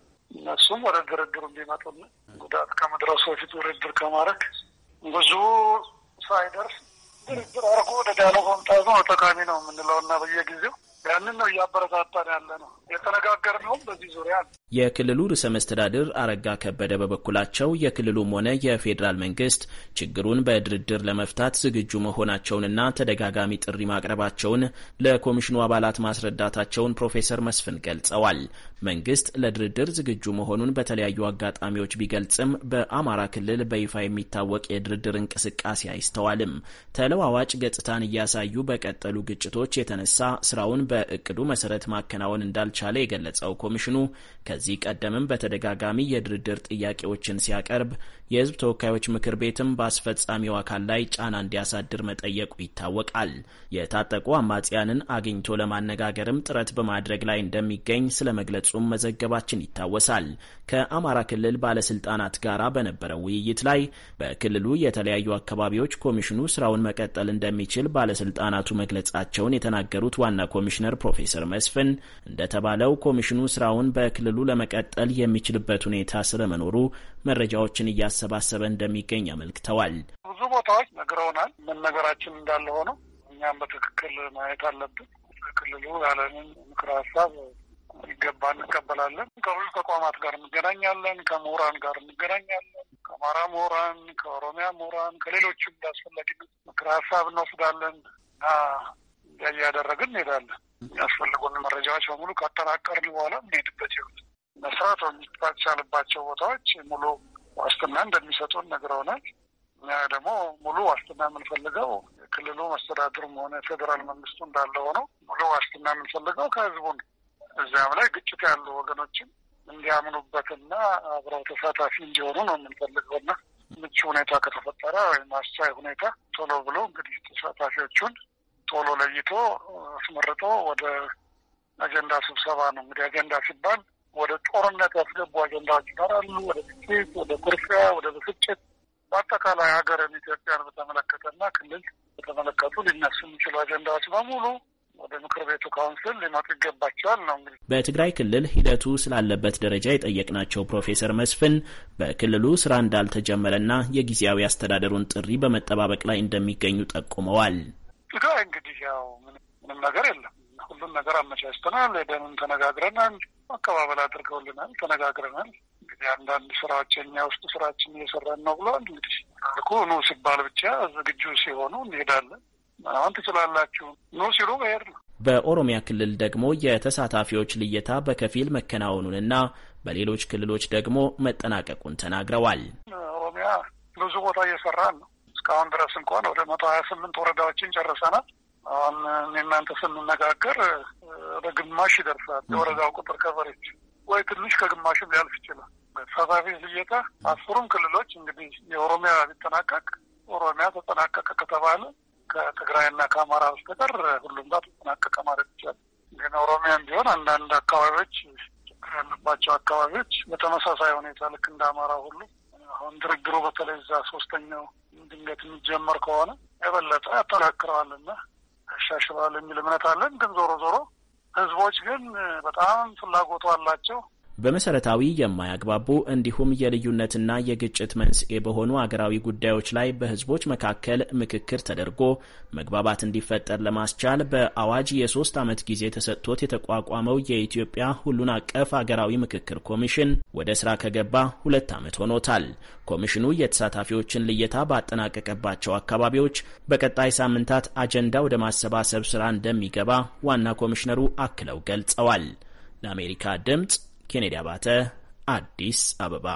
እነሱም ወደ ድርድሩ እንዲመጡና ጉዳት ከመድረሱ በፊት ድርድር ከማድረግ ብዙ ሳይደርስ ድርድር አድርጎ ወደ ዳያሎግ መምጣት ነው ጠቃሚ ነው የምንለው እና በየጊዜው ያንን ነው እያበረታታን ያለ ነው። የተነጋገርነውም በዚህ ዙሪያ ነው። የክልሉ ርዕሰ መስተዳድር አረጋ ከበደ በበኩላቸው የክልሉም ሆነ የፌዴራል መንግስት ችግሩን በድርድር ለመፍታት ዝግጁ መሆናቸውንና ተደጋጋሚ ጥሪ ማቅረባቸውን ለኮሚሽኑ አባላት ማስረዳታቸውን ፕሮፌሰር መስፍን ገልጸዋል። መንግስት ለድርድር ዝግጁ መሆኑን በተለያዩ አጋጣሚዎች ቢገልጽም በአማራ ክልል በይፋ የሚታወቅ የድርድር እንቅስቃሴ አይስተዋልም። ተለዋዋጭ ገጽታን እያሳዩ በቀጠሉ ግጭቶች የተነሳ ስራውን በእቅዱ መሰረት ማከናወን እንዳልቻለ የገለጸው ኮሚሽኑ ከዚህ ቀደምም በተደጋጋሚ የድርድር ጥያቄዎችን ሲያቀርብ የህዝብ ተወካዮች ምክር ቤትም በአስፈጻሚው አካል ላይ ጫና እንዲያሳድር መጠየቁ ይታወቃል። የታጠቁ አማጽያንን አግኝቶ ለማነጋገርም ጥረት በማድረግ ላይ እንደሚገኝ ስለ መግለጹም መዘገባችን ይታወሳል። ከአማራ ክልል ባለስልጣናት ጋር በነበረው ውይይት ላይ በክልሉ የተለያዩ አካባቢዎች ኮሚሽኑ ስራውን መቀጠል እንደሚችል ባለስልጣናቱ መግለጻቸውን የተናገሩት ዋና ኮሚሽነር ፕሮፌሰር መስፍን እንደተባለው ኮሚሽኑ ስራውን በክልሉ ለመቀጠል የሚችልበት ሁኔታ ስለመኖሩ መረጃዎችን እያ። እያሰባሰበ እንደሚገኝ አመልክተዋል። ብዙ ቦታዎች ነግረውናል። መነገራችን እንዳለ ሆነው እኛም በትክክል ማየት አለብን። ክልሉ ያለንን ምክረ ሀሳብ ይገባ እንቀበላለን። ከብዙ ተቋማት ጋር እንገናኛለን። ከምሁራን ጋር እንገናኛለን። ከአማራ ምሁራን፣ ከኦሮሚያ ምሁራን፣ ከሌሎችም እንዳስፈላጊነት ምክረ ሀሳብ እንወስዳለን እና እንዲያ እያደረግን እንሄዳለን። የሚያስፈልጉን መረጃዎች በሙሉ ካጠናቀርን በኋላ እንሄድበት ይሁት መስራት የሚቻልባቸው ቦታዎች ሙሉ ዋስትና እንደሚሰጡን ነግረውናል። እኛ ደግሞ ሙሉ ዋስትና የምንፈልገው የክልሉ መስተዳድርም ሆነ ፌዴራል መንግስቱ እንዳለ ሆነው ሙሉ ዋስትና የምንፈልገው ከህዝቡ ነው። እዚያም ላይ ግጭት ያሉ ወገኖችን እንዲያምኑበትና አብረው ተሳታፊ እንዲሆኑ ነው የምንፈልገውና ምቹ ሁኔታ ከተፈጠረ ወይም አስቻይ ሁኔታ ቶሎ ብሎ እንግዲህ ተሳታፊዎቹን ቶሎ ለይቶ አስመርጦ ወደ አጀንዳ ስብሰባ ነው እንግዲህ አጀንዳ ሲባል ወደ ጦርነት ያስገቡ አጀንዳዎች ይኖራሉ። ወደ ግጭት፣ ወደ ኩርፊያ፣ ወደ ብስጭት በአጠቃላይ ሀገርን ኢትዮጵያን በተመለከተና ክልል በተመለከቱ ሊነሱ የሚችሉ አጀንዳዎች በሙሉ ወደ ምክር ቤቱ ካውንስል ሊመጡ ይገባቸዋል ነው እንግዲህ። በትግራይ ክልል ሂደቱ ስላለበት ደረጃ የጠየቅናቸው ፕሮፌሰር መስፍን በክልሉ ስራ እንዳልተጀመረና የጊዜያዊ አስተዳደሩን ጥሪ በመጠባበቅ ላይ እንደሚገኙ ጠቁመዋል። ትግራይ እንግዲህ ያው ምንም ነገር የለም። ሁሉም ነገር አመቻችተናል፣ ሄደንም ተነጋግረናል አቀባበል አድርገውልናል፣ ተነጋግረናል። እንግዲህ አንዳንድ ስራዎች እኛ ውስጥ ስራችን እየሰራን ነው ብለዋል። እንግዲህ ልኩ ኑ ሲባል ብቻ ዝግጁ ሲሆኑ እንሄዳለን። አሁን ትችላላችሁ ኑ ሲሉ መሄድ ነው። በኦሮሚያ ክልል ደግሞ የተሳታፊዎች ልየታ በከፊል መከናወኑንና በሌሎች ክልሎች ደግሞ መጠናቀቁን ተናግረዋል። ኦሮሚያ ብዙ ቦታ እየሰራን ነው። እስካሁን ድረስ እንኳን ወደ መቶ ሀያ ስምንት ወረዳዎችን ጨርሰናል። አሁን እናንተ ስንነጋገር ወደ ግማሽ ይደርሳል የወረዳው ቁጥር ከበሬች ወይ ትንሽ ከግማሽም ሊያልፍ ይችላል። ሰፋፊ ልየታ አስሩም ክልሎች እንግዲህ የኦሮሚያ ቢጠናቀቅ ኦሮሚያ ተጠናቀቀ ከተባለ ከትግራይና ከአማራ በስተቀር ሁሉም ጋር ተጠናቀቀ ማለት ይቻላል። ግን ኦሮሚያም ቢሆን አንዳንድ አካባቢዎች ችግር ያለባቸው አካባቢዎች በተመሳሳይ ሁኔታ ልክ እንደ አማራ ሁሉ አሁን ድርድሩ በተለይ እዛ ሶስተኛው ድንገት የሚጀመር ከሆነ የበለጠ ያጠናክረዋልና ያሻሽላል የሚል እምነት አለን። ግን ዞሮ ዞሮ ህዝቦች ግን በጣም ፍላጎቱ አላቸው። በመሰረታዊ የማያግባቡ እንዲሁም የልዩነትና የግጭት መንስኤ በሆኑ አገራዊ ጉዳዮች ላይ በህዝቦች መካከል ምክክር ተደርጎ መግባባት እንዲፈጠር ለማስቻል በአዋጅ የሶስት ዓመት ጊዜ ተሰጥቶት የተቋቋመው የኢትዮጵያ ሁሉን አቀፍ አገራዊ ምክክር ኮሚሽን ወደ ስራ ከገባ ሁለት ዓመት ሆኖታል። ኮሚሽኑ የተሳታፊዎችን ልየታ ባጠናቀቀባቸው አካባቢዎች በቀጣይ ሳምንታት አጀንዳ ወደ ማሰባሰብ ስራ እንደሚገባ ዋና ኮሚሽነሩ አክለው ገልጸዋል። ለአሜሪካ ድምጽ ኬኔዲ አባተ አዲስ አበባ።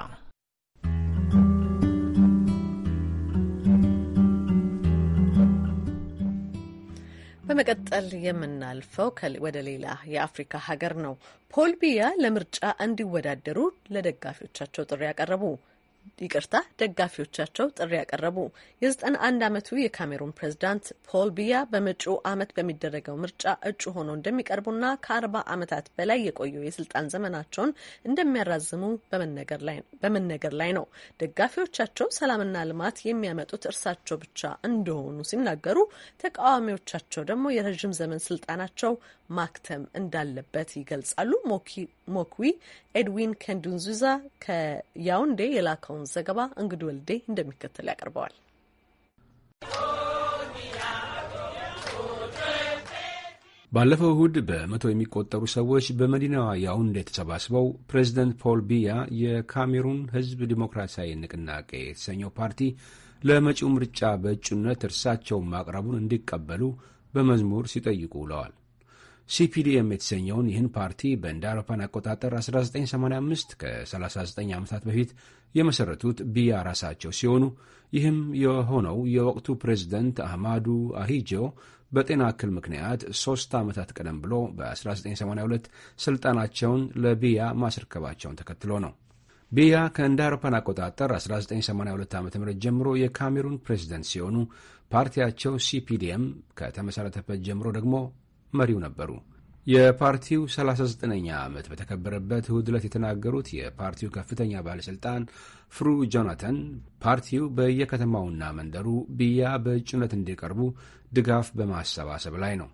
በመቀጠል የምናልፈው ወደ ሌላ የአፍሪካ ሀገር ነው። ፖል ቢያ ለምርጫ እንዲወዳደሩ ለደጋፊዎቻቸው ጥሪ ያቀረቡ ይቅርታ ደጋፊዎቻቸው ጥሪ ያቀረቡ። የ91 ዓመቱ የካሜሩን ፕሬዝዳንት ፖል ቢያ በመጪው ዓመት በሚደረገው ምርጫ እጩ ሆነው እንደሚቀርቡና ከ40 ዓመታት በላይ የቆየው የስልጣን ዘመናቸውን እንደሚያራዝሙ በመነገር ላይ ነው። ደጋፊዎቻቸው ሰላምና ልማት የሚያመጡት እርሳቸው ብቻ እንደሆኑ ሲናገሩ፣ ተቃዋሚዎቻቸው ደግሞ የረዥም ዘመን ስልጣናቸው ማክተም እንዳለበት ይገልጻሉ። ሞክዊ ኤድዊን ከንዱንዙዛ ከያውንዴ የላከውን ዘገባ እንግድ ወልዴ እንደሚከተል ያቀርበዋል። ባለፈው እሁድ በመቶ የሚቆጠሩ ሰዎች በመዲናዋ ያውንዴ ተሰባስበው ፕሬዚደንት ፖል ቢያ የካሜሩን ሕዝብ ዲሞክራሲያዊ ንቅናቄ የተሰኘው ፓርቲ ለመጪው ምርጫ በእጩነት እርሳቸውን ማቅረቡን እንዲቀበሉ በመዝሙር ሲጠይቁ ውለዋል። ሲፒዲኤም የተሰኘውን ይህን ፓርቲ በእንደ አውሮፓን አቆጣጠር 1985 ከ39 ዓመታት በፊት የመሠረቱት ቢያ ራሳቸው ሲሆኑ ይህም የሆነው የወቅቱ ፕሬዚደንት አህማዱ አሂጆ በጤና እክል ምክንያት ሦስት ዓመታት ቀደም ብሎ በ1982 ሥልጣናቸውን ለቢያ ማስረከባቸውን ተከትሎ ነው። ቢያ ከእንደ አውሮፓን አቆጣጠር 1982 ዓ ም ጀምሮ የካሜሩን ፕሬዝደንት ሲሆኑ ፓርቲያቸው ሲፒዲኤም ከተመሠረተበት ጀምሮ ደግሞ መሪው ነበሩ። የፓርቲው 39ኛ ዓመት በተከበረበት እሁድ ዕለት የተናገሩት የፓርቲው ከፍተኛ ባለሥልጣን ፍሩ ጆናተን ፓርቲው በየከተማውና መንደሩ ብያ በእጩነት እንዲቀርቡ ድጋፍ በማሰባሰብ ላይ ነው።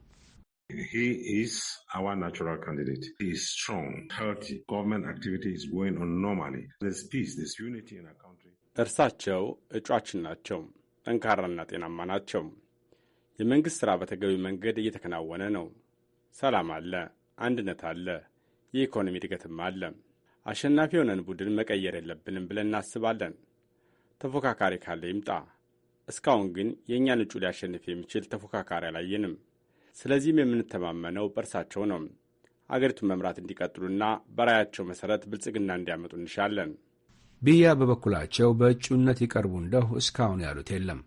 እርሳቸው እጯችን ናቸው። ጠንካራና ጤናማ ናቸው። የመንግሥት ሥራ በተገቢ መንገድ እየተከናወነ ነው። ሰላም አለ፣ አንድነት አለ፣ የኢኮኖሚ እድገትም አለ። አሸናፊ የሆነን ቡድን መቀየር የለብንም ብለን እናስባለን። ተፎካካሪ ካለ ይምጣ። እስካሁን ግን የእኛን እጩ ሊያሸንፍ የሚችል ተፎካካሪ አላየንም። ስለዚህም የምንተማመነው በእርሳቸው ነው። አገሪቱን መምራት እንዲቀጥሉና በራያቸው መሠረት ብልጽግና እንዲያመጡ እንሻለን። ብያ በበኩላቸው በእጩነት ይቀርቡ እንደሁ እስካሁን ያሉት የለም።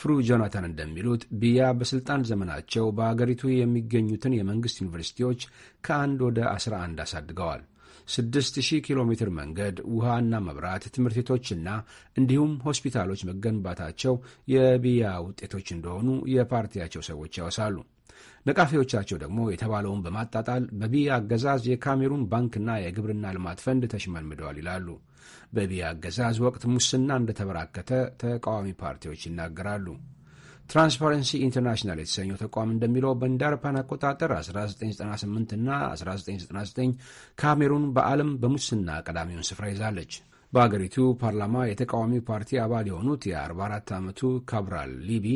ፍሩ ጆናታን እንደሚሉት ቢያ በሥልጣን ዘመናቸው በአገሪቱ የሚገኙትን የመንግሥት ዩኒቨርሲቲዎች ከአንድ ወደ 11 አሳድገዋል። 6000 ኪሎ ሜትር መንገድ፣ ውሃና መብራት፣ ትምህርት ቤቶችና እንዲሁም ሆስፒታሎች መገንባታቸው የቢያ ውጤቶች እንደሆኑ የፓርቲያቸው ሰዎች ያወሳሉ። ነቃፊዎቻቸው ደግሞ የተባለውን በማጣጣል በቢያ አገዛዝ የካሜሩን ባንክና የግብርና ልማት ፈንድ ተሽመልምደዋል ይላሉ። በቢያ አገዛዝ ወቅት ሙስና እንደተበራከተ ተቃዋሚ ፓርቲዎች ይናገራሉ። ትራንስፓረንሲ ኢንተርናሽናል የተሰኘው ተቋም እንደሚለው በእንደ አውሮፓውያን አቆጣጠር 1998 እና 1999 ካሜሩን በዓለም በሙስና ቀዳሚውን ስፍራ ይዛለች። በአገሪቱ ፓርላማ የተቃዋሚ ፓርቲ አባል የሆኑት የ44 ዓመቱ ካብራል ሊቢ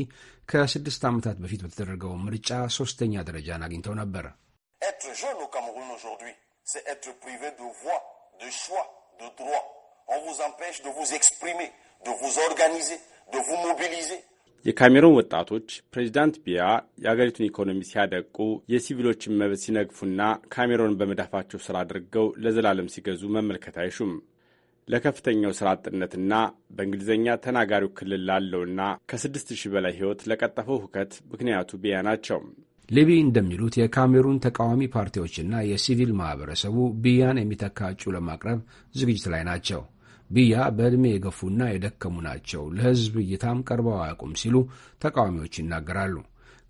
ከስድስት ዓመታት በፊት በተደረገው ምርጫ ሶስተኛ ደረጃን አግኝተው ነበር። être jeune au on vous empêche de vous exprimer, de vous organiser, de vous mobiliser. የካሜሩን ወጣቶች ፕሬዚዳንት ቢያ የአገሪቱን ኢኮኖሚ ሲያደቁ የሲቪሎችን መብት ሲነግፉና ካሜሮን በመዳፋቸው ስራ አድርገው ለዘላለም ሲገዙ መመልከት አይሹም። ለከፍተኛው ስራ አጥነትና በእንግሊዝኛ ተናጋሪው ክልል ላለውና ከ6000 በላይ ህይወት ለቀጠፈው ሁከት ምክንያቱ ቢያ ናቸው። ሊቢ እንደሚሉት የካሜሩን ተቃዋሚ ፓርቲዎችና የሲቪል ማህበረሰቡ ቢያን የሚተካ እጩ ለማቅረብ ዝግጅት ላይ ናቸው። ብያ በዕድሜ የገፉና የደከሙ ናቸው፣ ለሕዝብ እይታም ቀርበው አያውቁም ሲሉ ተቃዋሚዎች ይናገራሉ።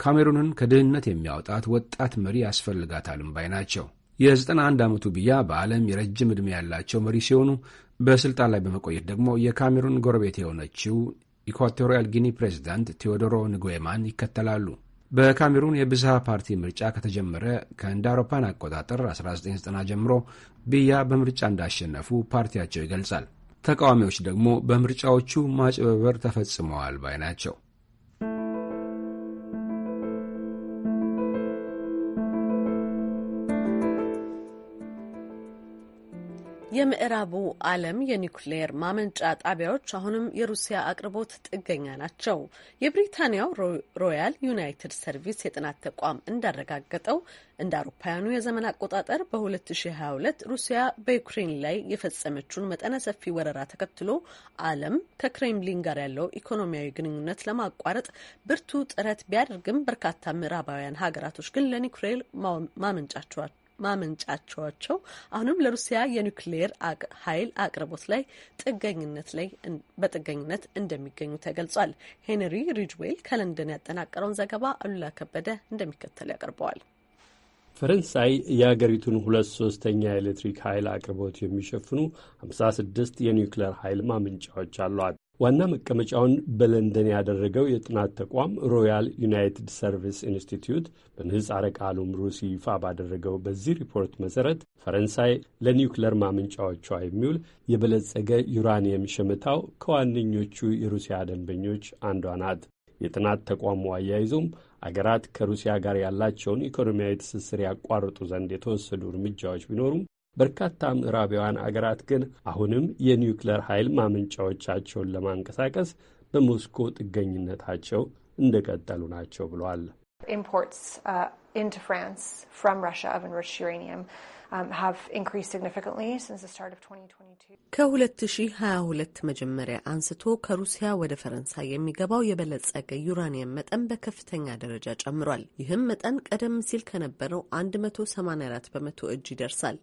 ካሜሩንን ከድህነት የሚያወጣት ወጣት መሪ ያስፈልጋታልም ባይ ናቸው። የ91 ዓመቱ ብያ በዓለም የረጅም ዕድሜ ያላቸው መሪ ሲሆኑ በሥልጣን ላይ በመቆየት ደግሞ የካሜሩን ጎረቤት የሆነችው ኢኳቶሪያል ጊኒ ፕሬዚዳንት ቴዎዶሮ ንጎማን ይከተላሉ። በካሜሩን የብዝሃ ፓርቲ ምርጫ ከተጀመረ ከእንደ አውሮፓን አቆጣጠር 1990 ጀምሮ ብያ በምርጫ እንዳሸነፉ ፓርቲያቸው ይገልጻል። ተቃዋሚዎች ደግሞ በምርጫዎቹ ማጭበርበር ተፈጽመዋል ባይ ናቸው። የምዕራቡ ዓለም የኒውክሌየር ማመንጫ ጣቢያዎች አሁንም የሩሲያ አቅርቦት ጥገኛ ናቸው። የብሪታንያው ሮያል ዩናይትድ ሰርቪስ የጥናት ተቋም እንዳረጋገጠው እንደ አውሮፓውያኑ የዘመን አቆጣጠር በ2022 ሩሲያ በዩክሬን ላይ የፈጸመችውን መጠነ ሰፊ ወረራ ተከትሎ ዓለም ከክሬምሊን ጋር ያለው ኢኮኖሚያዊ ግንኙነት ለማቋረጥ ብርቱ ጥረት ቢያደርግም በርካታ ምዕራባውያን ሀገራቶች ግን ለኒውክሌር ማመንጫቸዋል ማመንጫቸዋቸው አሁንም ለሩሲያ የኒውክሌር ኃይል አቅርቦት ላይ ጥገኝነት ላይ በጥገኝነት እንደሚገኙ ተገልጿል። ሄንሪ ሪጅዌል ከለንደን ያጠናቀረውን ዘገባ አሉላ ከበደ እንደሚከተል ያቀርበዋል። ፈረንሳይ የአገሪቱን ሁለት ሶስተኛ የኤሌክትሪክ ኃይል አቅርቦት የሚሸፍኑ 56 የኒውክሌር ኃይል ማመንጫዎች አሏት። ዋና መቀመጫውን በለንደን ያደረገው የጥናት ተቋም ሮያል ዩናይትድ ሰርቪስ ኢንስቲትዩት በምህጻረ ቃሉም ሩሲ ይፋ ባደረገው በዚህ ሪፖርት መሰረት ፈረንሳይ ለኒውክለር ማመንጫዎቿ የሚውል የበለጸገ ዩራኒየም ሸምታው ከዋነኞቹ የሩሲያ ደንበኞች አንዷ ናት። የጥናት ተቋሙ አያይዞም አገራት ከሩሲያ ጋር ያላቸውን ኢኮኖሚያዊ ትስስር ያቋርጡ ዘንድ የተወሰዱ እርምጃዎች ቢኖሩም በርካታ ምዕራባውያን አገራት ግን አሁንም የኒውክለር ኃይል ማመንጫዎቻቸውን ለማንቀሳቀስ በሞስኮ ጥገኝነታቸው እንደቀጠሉ ናቸው ብሏል። uh, um, ከ2022 መጀመሪያ አንስቶ ከሩሲያ ወደ ፈረንሳይ የሚገባው የበለጸገ ዩራኒየም መጠን በከፍተኛ ደረጃ ጨምሯል። ይህም መጠን ቀደም ሲል ከነበረው 184 በመቶ እጅ ይደርሳል።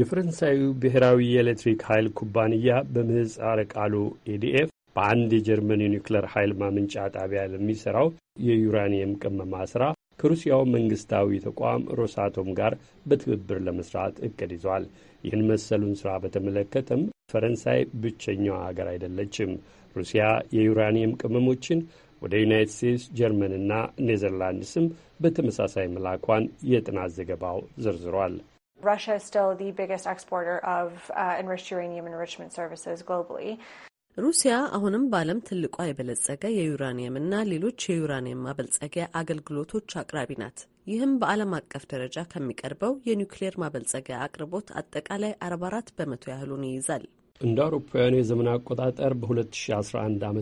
የፈረንሳዩ ብሔራዊ የኤሌክትሪክ ኃይል ኩባንያ በምህጻረ ቃሉ ኤዲኤፍ በአንድ የጀርመን ኒክለር ኃይል ማመንጫ ጣቢያ ለሚሠራው የዩራኒየም ቅመማ ሥራ ከሩሲያው መንግሥታዊ ተቋም ሮሳቶም ጋር በትብብር ለመሥራት እቅድ ይዟል። ይህን መሰሉን ሥራ በተመለከተም ፈረንሳይ ብቸኛዋ ሀገር አይደለችም። ሩሲያ የዩራኒየም ቅመሞችን ወደ ዩናይትድ ስቴትስ፣ ጀርመንና ኔዘርላንድስም በተመሳሳይ መላኳን የጥናት ዘገባው ዘርዝሯል። Russia is still the biggest exporter of uh, enriched uranium enrichment services globally. ሩሲያ አሁንም በዓለም ትልቋ የበለጸገ የዩራኒየም እና ሌሎች የዩራኒየም ማበልጸጊያ አገልግሎቶች አቅራቢ ናት። ይህም በዓለም አቀፍ ደረጃ ከሚቀርበው የኒውክሌር ማበልጸጊያ አቅርቦት አጠቃላይ 44 በመቶ ያህሉን ይይዛል። እንደ አውሮፓውያኑ የዘመን አቆጣጠር በ2011 ዓ ም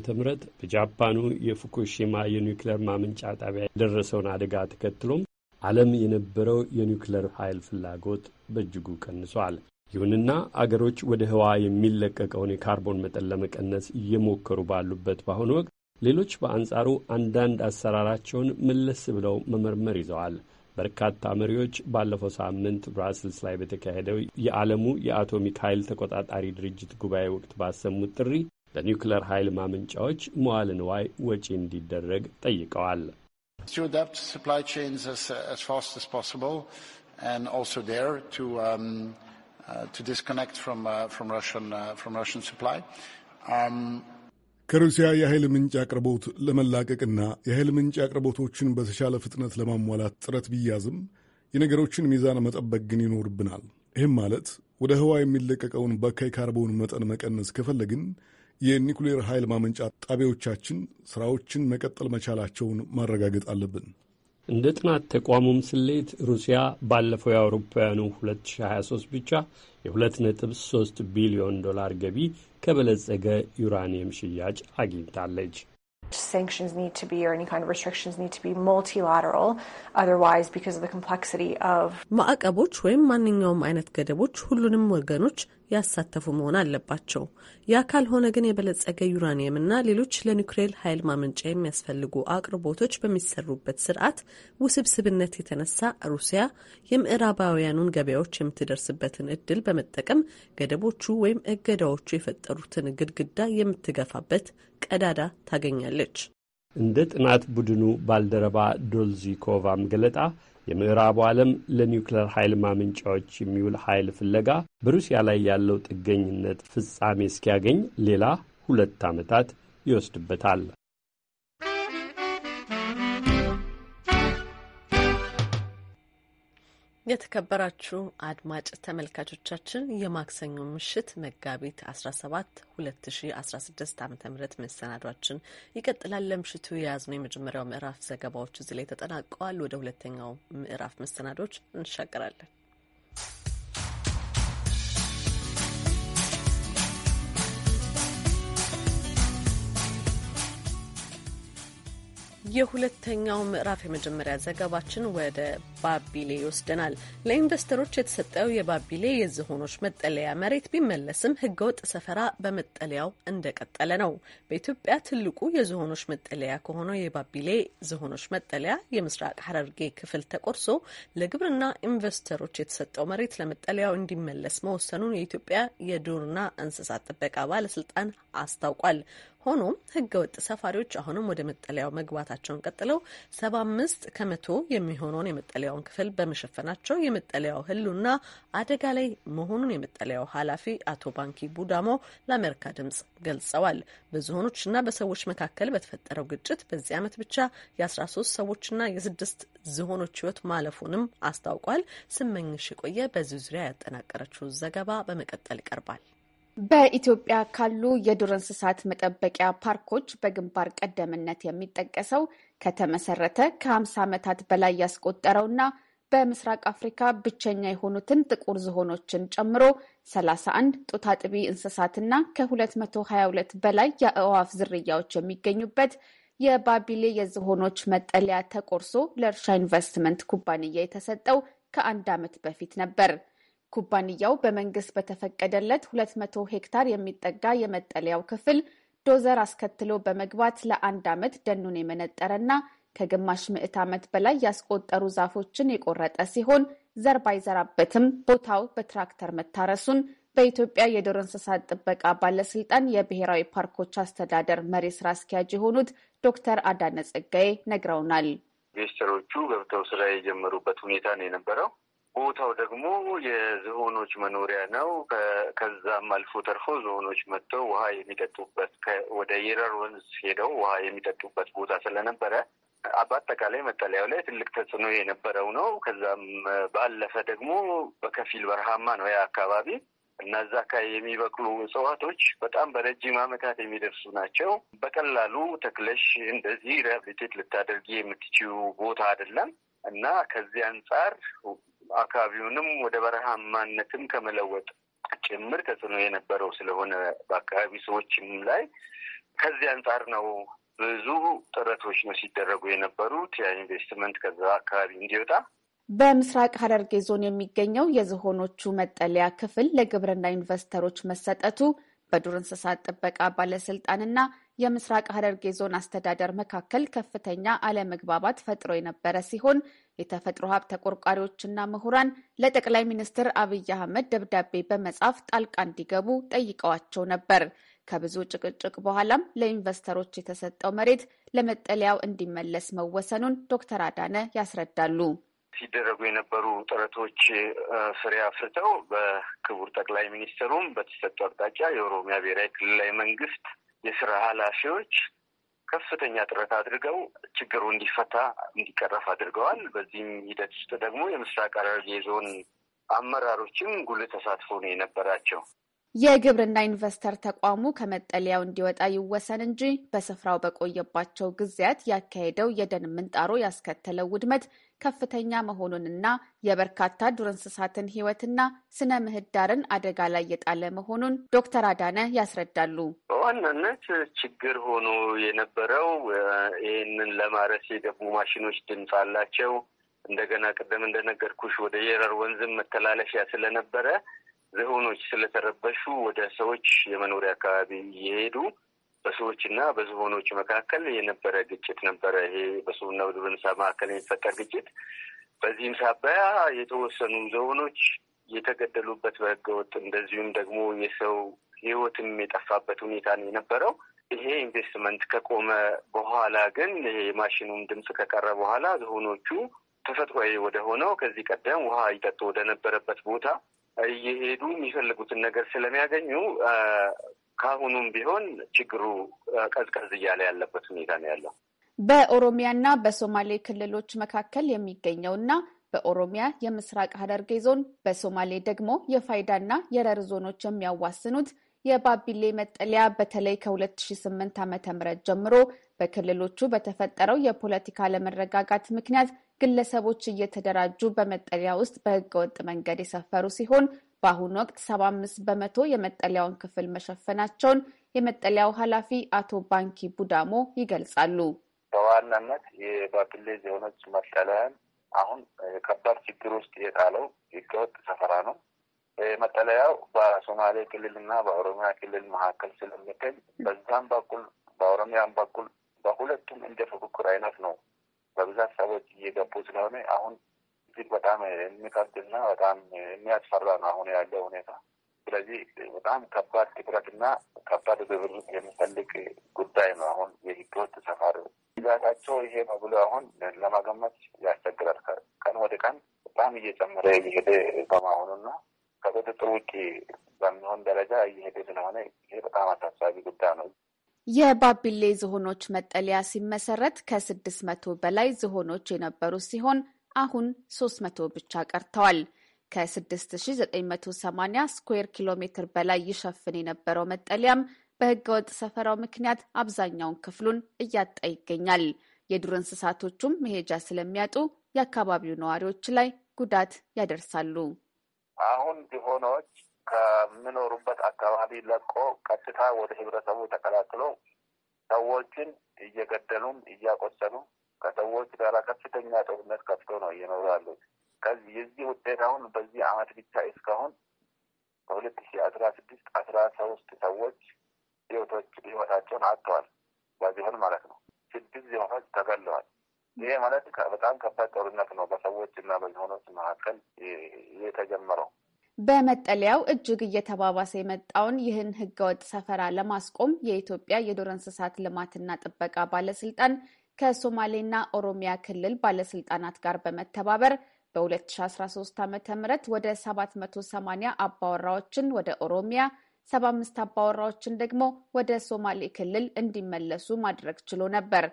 በጃፓኑ የፉኩሺማ የኒውክሌር ማመንጫ ጣቢያ የደረሰውን አደጋ ተከትሎም ዓለም የነበረው የኒውክለር ኃይል ፍላጎት በእጅጉ ቀንሷል። ይሁንና አገሮች ወደ ህዋ የሚለቀቀውን የካርቦን መጠን ለመቀነስ እየሞከሩ ባሉበት በአሁኑ ወቅት ሌሎች በአንጻሩ አንዳንድ አሰራራቸውን መለስ ብለው መመርመር ይዘዋል። በርካታ መሪዎች ባለፈው ሳምንት ብራስልስ ላይ በተካሄደው የዓለሙ የአቶሚክ ኃይል ተቆጣጣሪ ድርጅት ጉባኤ ወቅት ባሰሙት ጥሪ ለኒውክለር ኃይል ማመንጫዎች መዋለ ንዋይ ወጪ እንዲደረግ ጠይቀዋል። To adapt supply chains as, uh, as fast as possible and also there to, um, uh, to disconnect from, uh, from, Russian, uh, from Russian supply. Um, ከሩሲያ የኃይል ምንጭ አቅርቦት ለመላቀቅና የኃይል ምንጭ አቅርቦቶችን በተሻለ ፍጥነት ለማሟላት ጥረት ቢያዝም የነገሮችን ሚዛን መጠበቅ ግን ይኖርብናል። ይህም ማለት ወደ ህዋ የሚለቀቀውን በካይ ካርቦን መጠን መቀነስ ከፈለግን የኒኩሌር ኃይል ማመንጫ ጣቢያዎቻችን ስራዎችን መቀጠል መቻላቸውን ማረጋገጥ አለብን። እንደ ጥናት ተቋሙም ስሌት ሩሲያ ባለፈው የአውሮፓውያኑ 2023 ብቻ የ2.3 ቢሊዮን ዶላር ገቢ ከበለጸገ ዩራኒየም ሽያጭ አግኝታለች። ማዕቀቦች ወይም ማንኛውም አይነት ገደቦች ሁሉንም ወገኖች ያሳተፉ መሆን አለባቸው። ያ ካልሆነ ግን የበለጸገ ዩራኒየም እና ሌሎች ለኒውክሌር ኃይል ማመንጫ የሚያስፈልጉ አቅርቦቶች በሚሰሩበት ስርዓት ውስብስብነት የተነሳ ሩሲያ የምዕራባውያኑን ገበያዎች የምትደርስበትን እድል በመጠቀም ገደቦቹ ወይም እገዳዎቹ የፈጠሩትን ግድግዳ የምትገፋበት ቀዳዳ ታገኛለች። እንደ ጥናት ቡድኑ ባልደረባ ዶልዚኮቫም ገለጣ የምዕራቡ ዓለም ለኒውክሌር ኃይል ማመንጫዎች የሚውል ኃይል ፍለጋ በሩሲያ ላይ ያለው ጥገኝነት ፍጻሜ እስኪያገኝ ሌላ ሁለት ዓመታት ይወስድበታል። የተከበራችሁ አድማጭ ተመልካቾቻችን የማክሰኞ ምሽት መጋቢት 17 2016 ዓ ም መሰናዷችን ይቀጥላል። ለምሽቱ የያዝነው የመጀመሪያው ምዕራፍ ዘገባዎች እዚህ ላይ ተጠናቀዋል። ወደ ሁለተኛው ምዕራፍ መሰናዶች እንሻገራለን። የሁለተኛው ምዕራፍ የመጀመሪያ ዘገባችን ወደ ባቢሌ ይወስደናል። ለኢንቨስተሮች የተሰጠው የባቢሌ የዝሆኖች መጠለያ መሬት ቢመለስም ሕገወጥ ሰፈራ በመጠለያው እንደቀጠለ ነው። በኢትዮጵያ ትልቁ የዝሆኖች መጠለያ ከሆነው የባቢሌ ዝሆኖች መጠለያ የምስራቅ ሐረርጌ ክፍል ተቆርሶ ለግብርና ኢንቨስተሮች የተሰጠው መሬት ለመጠለያው እንዲመለስ መወሰኑን የኢትዮጵያ የዱርና እንስሳት ጥበቃ ባለስልጣን አስታውቋል። ሆኖም ህገወጥ ሰፋሪዎች አሁንም ወደ መጠለያው መግባታቸውን ቀጥለው ሰባ አምስት ከመቶ የሚሆነውን የመጠለያውን ክፍል በመሸፈናቸው የመጠለያው ህልውና አደጋ ላይ መሆኑን የመጠለያው ኃላፊ አቶ ባንኪ ቡዳሞ ለአሜሪካ ድምጽ ገልጸዋል። በዝሆኖችና በሰዎች መካከል በተፈጠረው ግጭት በዚህ ዓመት ብቻ የ13 ሰዎችና የስድስት ዝሆኖች ህይወት ማለፉንም አስታውቋል። ስመኝሽ የቆየ በዚህ ዙሪያ ያጠናቀረችው ዘገባ በመቀጠል ይቀርባል። በኢትዮጵያ ካሉ የዱር እንስሳት መጠበቂያ ፓርኮች በግንባር ቀደምነት የሚጠቀሰው ከተመሰረተ ከ50 ዓመታት በላይ ያስቆጠረውና በምስራቅ አፍሪካ ብቸኛ የሆኑትን ጥቁር ዝሆኖችን ጨምሮ 31 ጡት አጥቢ እንስሳትና ከ222 በላይ የእዋፍ ዝርያዎች የሚገኙበት የባቢሌ የዝሆኖች መጠለያ ተቆርሶ ለእርሻ ኢንቨስትመንት ኩባንያ የተሰጠው ከአንድ ዓመት በፊት ነበር። ኩባንያው በመንግስት በተፈቀደለት 200 ሄክታር የሚጠጋ የመጠለያው ክፍል ዶዘር አስከትሎ በመግባት ለአንድ ዓመት ደኑን የመነጠረና ከግማሽ ምዕት ዓመት በላይ ያስቆጠሩ ዛፎችን የቆረጠ ሲሆን ዘር ባይዘራበትም ቦታው በትራክተር መታረሱን በኢትዮጵያ የዱር እንስሳት ጥበቃ ባለስልጣን የብሔራዊ ፓርኮች አስተዳደር መሪ ስራ አስኪያጅ የሆኑት ዶክተር አዳነ ጸጋዬ ነግረውናል። ኢንቨስተሮቹ ገብተው ስራ የጀመሩበት ሁኔታ ነው የነበረው። ቦታው ደግሞ የዝሆኖች መኖሪያ ነው። ከዛም አልፎ ተርፎ ዝሆኖች መጥተው ውሃ የሚጠጡበት ወደ የረር ወንዝ ሄደው ውሃ የሚጠጡበት ቦታ ስለነበረ በአጠቃላይ መጠለያው ላይ ትልቅ ተጽዕኖ የነበረው ነው። ከዛም ባለፈ ደግሞ በከፊል በረሃማ ነው ያ አካባቢ እና እዛ አካባቢ የሚበቅሉ እጽዋቶች በጣም በረጅም ዓመታት የሚደርሱ ናቸው። በቀላሉ ተክለሽ እንደዚህ ሪሃብሊቴት ልታደርጊ የምትችው ቦታ አይደለም እና ከዚህ አንጻር አካባቢውንም ወደ በረሃማነትም ከመለወጥ ጭምር ተጽዕኖ የነበረው ስለሆነ በአካባቢ ሰዎችም ላይ ከዚህ አንጻር ነው ብዙ ጥረቶች ነው ሲደረጉ የነበሩት ኢንቨስትመንት ከዛ አካባቢ እንዲወጣ። በምስራቅ ሐረርጌ ዞን የሚገኘው የዝሆኖቹ መጠለያ ክፍል ለግብርና ኢንቨስተሮች መሰጠቱ በዱር እንስሳት ጥበቃ ባለስልጣንና የምስራቅ ሐረርጌ ዞን አስተዳደር መካከል ከፍተኛ አለመግባባት ፈጥሮ የነበረ ሲሆን የተፈጥሮ ሀብት ተቆርቋሪዎችና ምሁራን ለጠቅላይ ሚኒስትር አብይ አህመድ ደብዳቤ በመጻፍ ጣልቃ እንዲገቡ ጠይቀዋቸው ነበር። ከብዙ ጭቅጭቅ በኋላም ለኢንቨስተሮች የተሰጠው መሬት ለመጠለያው እንዲመለስ መወሰኑን ዶክተር አዳነ ያስረዳሉ። ሲደረጉ የነበሩ ጥረቶች ፍሬ አፍርተው በክቡር ጠቅላይ ሚኒስትሩም በተሰጡ አቅጣጫ የኦሮሚያ ብሔራዊ ክልላዊ መንግስት የስራ ኃላፊዎች ከፍተኛ ጥረት አድርገው ችግሩ እንዲፈታ እንዲቀረፍ አድርገዋል። በዚህም ሂደት ውስጥ ደግሞ የምስራቅ ሐረርጌ ዞን አመራሮችም ጉልህ ተሳትፎ ነው የነበራቸው። የግብርና ኢንቨስተር ተቋሙ ከመጠለያው እንዲወጣ ይወሰን እንጂ በስፍራው በቆየባቸው ጊዜያት ያካሄደው የደን ምንጣሮ ያስከተለው ውድመት ከፍተኛ መሆኑንና የበርካታ ዱር እንስሳትን ህይወትና ስነ ምህዳርን አደጋ ላይ የጣለ መሆኑን ዶክተር አዳነ ያስረዳሉ። በዋናነት ችግር ሆኖ የነበረው ይህንን ለማረስ የገቡ ማሽኖች ድምፅ አላቸው። እንደገና ቅደም እንደነገርኩሽ ወደ የረር ወንዝም መተላለፊያ ስለነበረ ዝሆኖች ስለተረበሹ ወደ ሰዎች የመኖሪያ አካባቢ እየሄዱ በሰዎች እና በዝሆኖች መካከል የነበረ ግጭት ነበረ። ይሄ በሰውና በዱር እንስሳ መካከል የሚፈጠር ግጭት። በዚህም ሳቢያ የተወሰኑ ዝሆኖች የተገደሉበት በህገወጥ እንደዚሁም ደግሞ የሰው ህይወትም የጠፋበት ሁኔታ ነው የነበረው። ይሄ ኢንቨስትመንት ከቆመ በኋላ ግን ይሄ የማሽኑም ድምፅ ከቀረ በኋላ ዝሆኖቹ ተፈጥሯዊ ወደ ሆነው ከዚህ ቀደም ውሃ ይጠጡ ወደነበረበት ቦታ እየሄዱ የሚፈልጉትን ነገር ስለሚያገኙ ከአሁኑም ቢሆን ችግሩ ቀዝቀዝ እያለ ያለበት ሁኔታ ነው ያለው። በኦሮሚያና በሶማሌ ክልሎች መካከል የሚገኘውና በኦሮሚያ የምስራቅ ሐረርጌ ዞን በሶማሌ ደግሞ የፋይዳና የረር ዞኖች የሚያዋስኑት የባቢሌ መጠለያ በተለይ ከ2008 ዓ ም ጀምሮ በክልሎቹ በተፈጠረው የፖለቲካ አለመረጋጋት ምክንያት ግለሰቦች እየተደራጁ በመጠለያ ውስጥ በህገወጥ መንገድ የሰፈሩ ሲሆን በአሁኑ ወቅት ሰባ አምስት በመቶ የመጠለያውን ክፍል መሸፈናቸውን የመጠለያው ኃላፊ አቶ ባንኪ ቡዳሞ ይገልጻሉ። በዋናነት የባብሌ ዞኖች መጠለያን አሁን ከባድ ችግር ውስጥ የጣለው ህገወጥ ሰፈራ ነው። መጠለያው በሶማሌ ክልል እና በኦሮሚያ ክልል መካከል ስለሚገኝ በዛም በኩል በኦሮሚያም በኩል በሁለቱም እንደ ፉክክር አይነት ነው። በብዛት ሰዎች እየገቡ ስለሆነ አሁን እጅግ በጣም የሚከብድና በጣም የሚያስፈራ ነው አሁን ያለው ሁኔታ። ስለዚህ በጣም ከባድ ትኩረትና ከባድ ግብር የሚፈልግ ጉዳይ ነው። አሁን የህገወጥ ሰፋሪዎች ብዛታቸው ይሄ ነው ብሎ አሁን ለመገመት ያስቸግራል። ቀን ወደ ቀን በጣም እየጨመረ እየሄደ በመሆኑና ከቁጥጥር ውጭ በሚሆን ደረጃ እየሄደ ስለሆነ ይሄ በጣም አሳሳቢ ጉዳይ ነው። የባቢሌ ዝሆኖች መጠለያ ሲመሰረት ከስድስት መቶ በላይ ዝሆኖች የነበሩ ሲሆን አሁን 300 ብቻ ቀርተዋል። ከ6980 ስኩዌር ኪሎ ሜትር በላይ ይሸፍን የነበረው መጠለያም በህገወጥ ሰፈራው ምክንያት አብዛኛውን ክፍሉን እያጣ ይገኛል። የዱር እንስሳቶቹም መሄጃ ስለሚያጡ የአካባቢው ነዋሪዎች ላይ ጉዳት ያደርሳሉ። አሁን ዝሆኖች ከሚኖሩበት አካባቢ ለቆ ቀጥታ ወደ ህብረተሰቡ ተቀላቅሎ ሰዎችን እየገደሉም እያቆሰሉም ከሰዎች ጋር ከፍተኛ ጦርነት ከፍቶ ነው እየኖሩ ያሉት። ከዚህ የዚህ ውጤት አሁን በዚህ አመት ብቻ እስካሁን ከሁለት ሺ አስራ ስድስት አስራ ሶስት ሰዎች ህይወቶች ህይወታቸውን አጥተዋል። በዚሁን ማለት ነው ስድስት ዜማዎች ተገለዋል። ይሄ ማለት በጣም ከባድ ጦርነት ነው በሰዎች እና በዝሆኖች መካከል የተጀመረው። በመጠለያው እጅግ እየተባባሰ የመጣውን ይህን ህገወጥ ሰፈራ ለማስቆም የኢትዮጵያ የዱር እንስሳት ልማትና ጥበቃ ባለስልጣን ከሶማሌና ኦሮሚያ ክልል ባለስልጣናት ጋር በመተባበር በ2013 ዓ ም ወደ 780 አባወራዎችን ወደ ኦሮሚያ 75 አባወራዎችን ደግሞ ወደ ሶማሌ ክልል እንዲመለሱ ማድረግ ችሎ ነበር።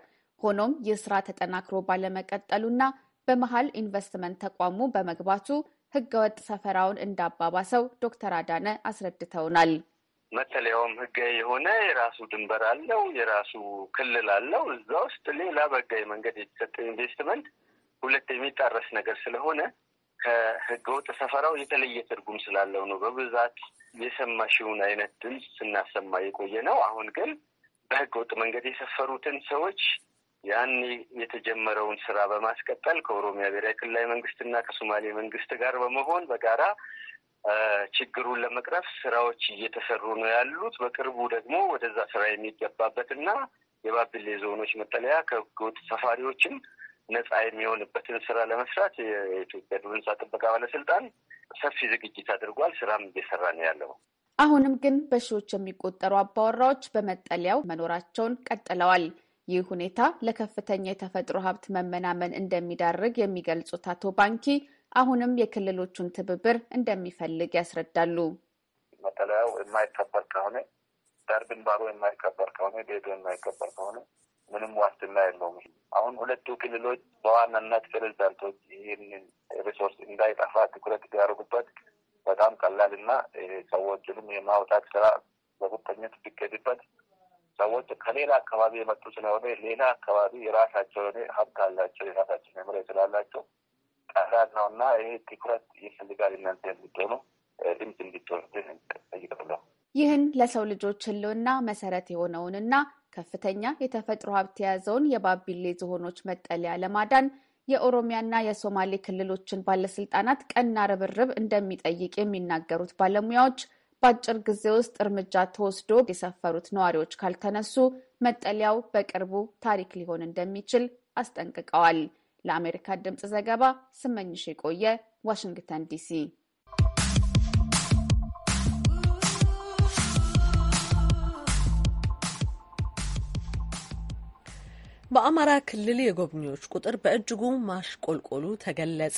ሆኖም ይህ ስራ ተጠናክሮ ባለመቀጠሉና በመሀል ኢንቨስትመንት ተቋሙ በመግባቱ ህገወጥ ሰፈራውን እንዳባባሰው ዶክተር አዳነ አስረድተውናል። መተለያውም ህጋዊ የሆነ የራሱ ድንበር አለው፣ የራሱ ክልል አለው። እዛ ውስጥ ሌላ በህጋዊ መንገድ የተሰጠ ኢንቨስትመንት ሁለት የሚጣረስ ነገር ስለሆነ ከህገወጥ ሰፈራው የተለየ ትርጉም ስላለው ነው። በብዛት የሰማሽውን አይነት ድምፅ ስናሰማ የቆየ ነው። አሁን ግን በህገወጥ መንገድ የሰፈሩትን ሰዎች ያን የተጀመረውን ስራ በማስቀጠል ከኦሮሚያ ብሔራዊ ክልላዊ መንግስትና ከሶማሌ መንግስት ጋር በመሆን በጋራ ችግሩን ለመቅረፍ ስራዎች እየተሰሩ ነው ያሉት። በቅርቡ ደግሞ ወደዛ ስራ የሚገባበትና የባቢሌ ዞኖች መጠለያ ከህገወጥ ሰፋሪዎችም ነጻ የሚሆንበትን ስራ ለመስራት የኢትዮጵያ ዱር እንስሳት ጥበቃ ባለስልጣን ሰፊ ዝግጅት አድርጓል። ስራም እየሰራ ነው ያለው። አሁንም ግን በሺዎች የሚቆጠሩ አባወራዎች በመጠለያው መኖራቸውን ቀጥለዋል። ይህ ሁኔታ ለከፍተኛ የተፈጥሮ ሀብት መመናመን እንደሚዳርግ የሚገልጹት አቶ ባንኪ አሁንም የክልሎቹን ትብብር እንደሚፈልግ ያስረዳሉ። መጠለያው የማይከበር ከሆነ ዳርብን ባሮ የማይከበር ከሆነ ዴዶ የማይከበር ከሆነ ምንም ዋስትና የለውም። አሁን ሁለቱ ክልሎች በዋናነት ፕሬዚዳንቶች ይህንን ሪሶርስ እንዳይጠፋ ትኩረት ቢያደርጉበት በጣም ቀላል እና ሰዎችንም የማውጣት ስራ በቁርጠኝነት ቢካሄድበት ሰዎች ከሌላ አካባቢ የመጡ ስለሆነ ሌላ አካባቢ የራሳቸው የሆነ ሀብት አላቸው፣ የራሳቸው መምሪያ ስላላቸው አካል ነው እና ይህ ትኩረት ይፈልጋል። እናንተ የምትሆኑ ድምፅ እንዲትወርድ ይህን ለሰው ልጆች ሕልውና መሰረት የሆነውንና ከፍተኛ የተፈጥሮ ሀብት የያዘውን የባቢሌ ዝሆኖች መጠለያ ለማዳን የኦሮሚያና የሶማሌ ክልሎችን ባለስልጣናት ቀና ርብርብ እንደሚጠይቅ የሚናገሩት ባለሙያዎች በአጭር ጊዜ ውስጥ እርምጃ ተወስዶ የሰፈሩት ነዋሪዎች ካልተነሱ መጠለያው በቅርቡ ታሪክ ሊሆን እንደሚችል አስጠንቅቀዋል። ለአሜሪካ ድምፅ ዘገባ ስመኝሽ የቆየ ዋሽንግተን ዲሲ። በአማራ ክልል የጎብኚዎች ቁጥር በእጅጉ ማሽቆልቆሉ ተገለጸ።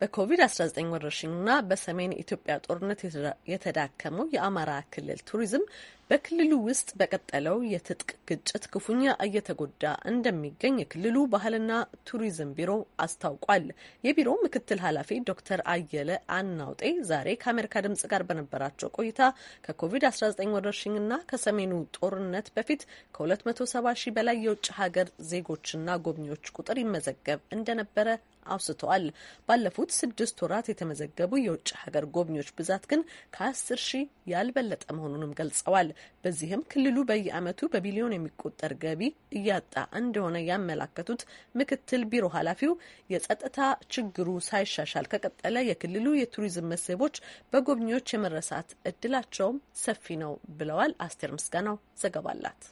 በኮቪድ-19 ወረርሽኝና በሰሜን ኢትዮጵያ ጦርነት የተዳከመው የአማራ ክልል ቱሪዝም በክልሉ ውስጥ በቀጠለው የትጥቅ ግጭት ክፉኛ እየተጎዳ እንደሚገኝ የክልሉ ባህልና ቱሪዝም ቢሮ አስታውቋል። የቢሮው ምክትል ኃላፊ ዶክተር አየለ አናውጤ ዛሬ ከአሜሪካ ድምጽ ጋር በነበራቸው ቆይታ ከኮቪድ-19 ወረርሽኝና ከሰሜኑ ጦርነት በፊት ከ270 ሺህ በላይ የውጭ ሀገር ዜጎችና ጎብኚዎች ቁጥር ይመዘገብ እንደነበረ አውስተዋል። ባለፉት ስድስት ወራት የተመዘገቡ የውጭ ሀገር ጎብኚዎች ብዛት ግን ከአስር ሺህ ያልበለጠ መሆኑንም ገልጸዋል። በዚህም ክልሉ በየዓመቱ በቢሊዮን የሚቆጠር ገቢ እያጣ እንደሆነ ያመላከቱት ምክትል ቢሮ ኃላፊው የጸጥታ ችግሩ ሳይሻሻል ከቀጠለ የክልሉ የቱሪዝም መስህቦች በጎብኚዎች የመረሳት እድላቸውም ሰፊ ነው ብለዋል። አስቴር ምስጋናው ዘገባ አላት።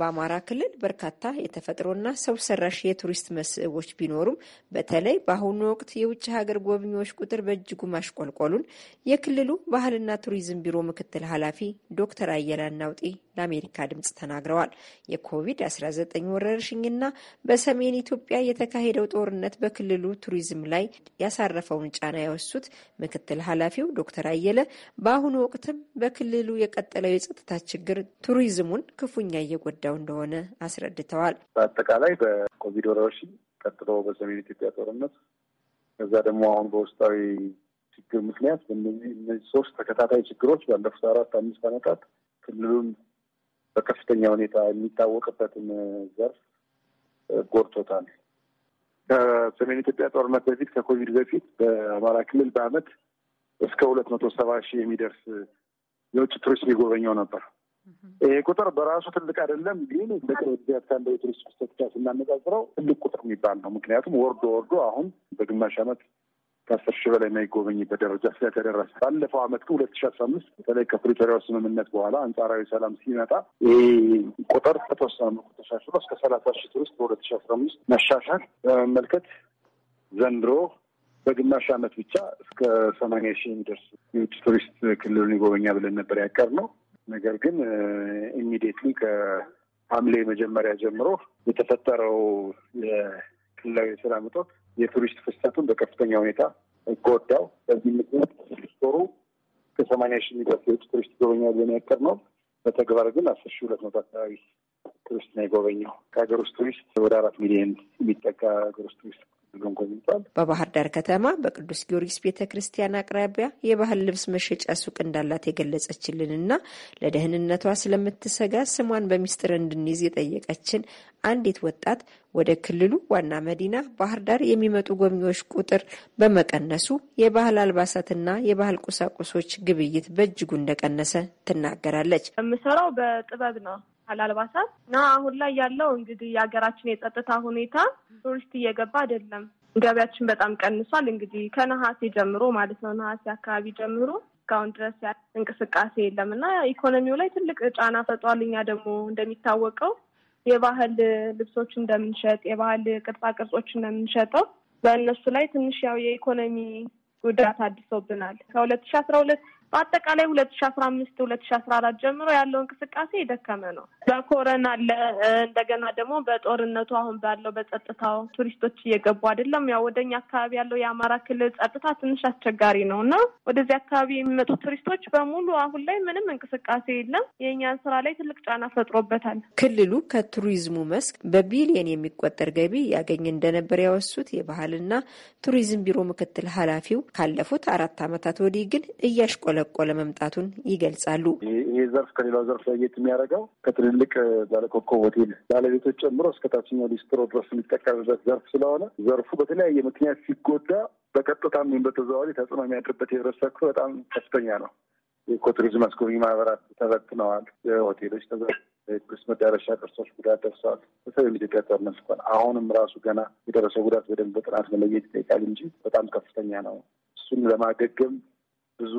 በአማራ ክልል በርካታ የተፈጥሮና ሰው ሰራሽ የቱሪስት መስህቦች ቢኖሩም በተለይ በአሁኑ ወቅት የውጭ ሀገር ጎብኚዎች ቁጥር በእጅጉ ማሽቆልቆሉን የክልሉ ባህልና ቱሪዝም ቢሮ ምክትል ኃላፊ ዶክተር አየላ ናውጤ ለአሜሪካ ድምጽ ተናግረዋል። የኮቪድ-19 ወረርሽኝና በሰሜን ኢትዮጵያ የተካሄደው ጦርነት በክልሉ ቱሪዝም ላይ ያሳረፈውን ጫና ያወሱት ምክትል ኃላፊው ዶክተር አየለ በአሁኑ ወቅትም በክልሉ የቀጠለው የጸጥታ ችግር ቱሪዝሙን ክፉኛ እየጎዳው እንደሆነ አስረድተዋል። በአጠቃላይ በኮቪድ ወረርሽኝ ቀጥሎ በሰሜን ኢትዮጵያ ጦርነት ከዛ ደግሞ አሁን በውስጣዊ ችግር ምክንያት በእነዚህ እነዚህ ሶስት ተከታታይ ችግሮች ባለፉት አራት አምስት ዓመታት ክልሉን በከፍተኛ ሁኔታ የሚታወቅበትን ዘርፍ ጎድቶታል። ከሰሜን ኢትዮጵያ ጦርነት በፊት ከኮቪድ በፊት በአማራ ክልል በአመት እስከ ሁለት መቶ ሰባ ሺህ የሚደርስ የውጭ ቱሪስት ሊጎበኘው ነበር። ይሄ ቁጥር በራሱ ትልቅ አይደለም፣ ግን በቅርብ ካለው የቱሪስት ክስተት ጋር ስናነጻጽረው ትልቅ ቁጥር የሚባል ነው። ምክንያቱም ወርዶ ወርዶ አሁን በግማሽ አመት ከአስር ሺህ በላይ የማይጎበኝበት ደረጃ ስለተደረሰ ባለፈው አመት ግን ሁለት ሺህ አስራ አምስት በተለይ ከፕሪቶሪያው ስምምነት በኋላ አንጻራዊ ሰላም ሲመጣ ይህ ቁጥር ከተወሰነ መልኩ ተሻሽሎ እስከ ሰላሳ ሺህ ቱሪስት በሁለት ሺህ አስራ አምስት መሻሻል በመመልከት ዘንድሮ በግማሽ አመት ብቻ እስከ ሰማንያ ሺህ የሚደርስ የውጭ ቱሪስት ክልሉን ይጎበኛ ብለን ነበር ያቀርነው። ነገር ግን ኢሚዲየትሊ ከሐምሌ መጀመሪያ ጀምሮ የተፈጠረው የክልላዊ የሰላም እጦት የቱሪስት ፍሰቱን በከፍተኛ ሁኔታ ጎዳው። በዚህ ምክንያት ቶሩ ከሰማንያ ሺህ የሚደርስ የውጭ ቱሪስት ጎበኛ የሚያቀር ነው። በተግባር ግን አስር ሺህ ሁለት መቶ አካባቢ ቱሪስት ነው የጎበኘው። ከሀገር ውስጥ ቱሪስት ወደ አራት ሚሊዮን የሚጠጋ ሀገር ውስጥ ቱሪስት በባህር ዳር ከተማ በቅዱስ ጊዮርጊስ ቤተ ክርስቲያን አቅራቢያ የባህል ልብስ መሸጫ ሱቅ እንዳላት የገለጸችልንና ለደህንነቷ ስለምትሰጋ ስሟን በሚስጥር እንድንይዝ የጠየቀችን አንዲት ወጣት ወደ ክልሉ ዋና መዲና ባህር ዳር የሚመጡ ጎብኚዎች ቁጥር በመቀነሱ የባህል አልባሳትና የባህል ቁሳቁሶች ግብይት በእጅጉ እንደቀነሰ ትናገራለች። የምሰራው በጥበብ ነው። ባህል አልባሳት እና አሁን ላይ ያለው እንግዲህ የሀገራችን የጸጥታ ሁኔታ ቱሪስት እየገባ አይደለም። ገበያችን በጣም ቀንሷል። እንግዲህ ከነሐሴ ጀምሮ ማለት ነው ነሐሴ አካባቢ ጀምሮ እስካሁን ድረስ እንቅስቃሴ የለም እና ኢኮኖሚው ላይ ትልቅ ጫና ፈጥሯል። እኛ ደግሞ እንደሚታወቀው የባህል ልብሶች እንደምንሸጥ የባህል ቅርጻ ቅርጾች እንደምንሸጠው በእነሱ ላይ ትንሽ ያው የኢኮኖሚ ጉዳት አድሶብናል። ከሁለት ሺ አስራ ሁለት በአጠቃላይ ሁለት ሺ አስራ አምስት ሁለት ሺ አስራ አራት ጀምሮ ያለው እንቅስቃሴ የደከመ ነው። በኮረና አለ። እንደገና ደግሞ በጦርነቱ አሁን ባለው በጸጥታው ቱሪስቶች እየገቡ አይደለም። ያው ወደኛ አካባቢ ያለው የአማራ ክልል ጸጥታ ትንሽ አስቸጋሪ ነው እና ወደዚህ አካባቢ የሚመጡ ቱሪስቶች በሙሉ አሁን ላይ ምንም እንቅስቃሴ የለም። የእኛን ስራ ላይ ትልቅ ጫና ፈጥሮበታል። ክልሉ ከቱሪዝሙ መስክ በቢሊየን የሚቆጠር ገቢ ያገኝ እንደነበር ያወሱት የባህልና ቱሪዝም ቢሮ ምክትል ኃላፊው ካለፉት አራት ዓመታት ወዲህ ግን እያሽቆለ እየተደቆለቆለ ለመምጣቱን ይገልጻሉ። ይሄ ዘርፍ ከሌላው ዘርፍ ለየት የሚያደርገው ከትልልቅ ባለኮከብ ሆቴል ባለቤቶች ጨምሮ እስከ ታችኛው ሊስትሮ ድረስ የሚጠቀምበት ዘርፍ ስለሆነ ዘርፉ በተለያየ ምክንያት ሲጎዳ በቀጥታ ወይም በተዘዋዋሪ ተጽዕኖ የሚያድርበት የህብረተሰብ ክፍል በጣም ከፍተኛ ነው። የኢኮቱሪዝም አስጎብኚ ማህበራት ተበትነዋል። ሆቴሎች ተዘ ቱሪስት መዳረሻ ቅርሶች ጉዳት ደርሰዋል። በሰብ ኢትዮጵያ ጦርነት እንኳን አሁንም ራሱ ገና የደረሰ ጉዳት በደንብ በጥናት መለየት ይጠይቃል እንጂ በጣም ከፍተኛ ነው። እሱን ለማገገም ብዙ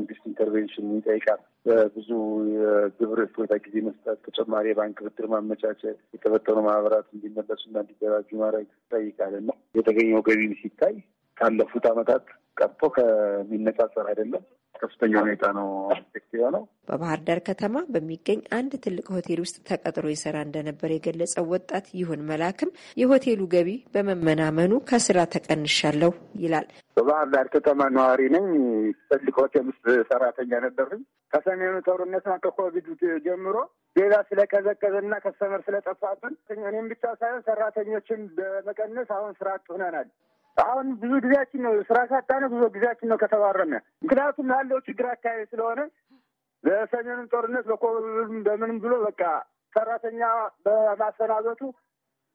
መንግስት ኢንተርቬንሽን ይጠይቃል። በብዙ የግብር እፎይታ ጊዜ መስጠት፣ ተጨማሪ የባንክ ብድር ማመቻቸት፣ የተበጠሩ ማህበራት እንዲመለሱና እንዲደራጁ ማድረግ ይጠይቃል እና የተገኘው ገቢም ሲታይ ካለፉት ዓመታት ቀርቶ ከሚነጻጸር አይደለም። ከፍተኛ ሁኔታ ነው ፌክት የሆነው። በባህር ዳር ከተማ በሚገኝ አንድ ትልቅ ሆቴል ውስጥ ተቀጥሮ ይሰራ እንደነበር የገለጸው ወጣት ይሁን መላክም የሆቴሉ ገቢ በመመናመኑ ከስራ ተቀንሻለሁ ይላል። በባህር ዳር ከተማ ነዋሪ ነኝ። ትልቅ ሆቴል ውስጥ ሰራተኛ ነበርኝ። ከሰሜኑ ጦርነትና ከኮቪድ ጀምሮ ሌላ ስለቀዘቀዘና ከስተመር ስለጠፋብን እኔም ብቻ ሳይሆን ሰራተኞችን በመቀነስ አሁን ስራ አጥ ሆነናል። አሁን ብዙ ጊዜያችን ነው ስራ ሳጣነ ብዙ ጊዜያችን ነው ከተባረነ። ምክንያቱም ያለው ችግር አካባቢ ስለሆነ በሰሜኑም ጦርነት በኮብም በምንም ብሎ በቃ ሰራተኛ በማሰናበቱ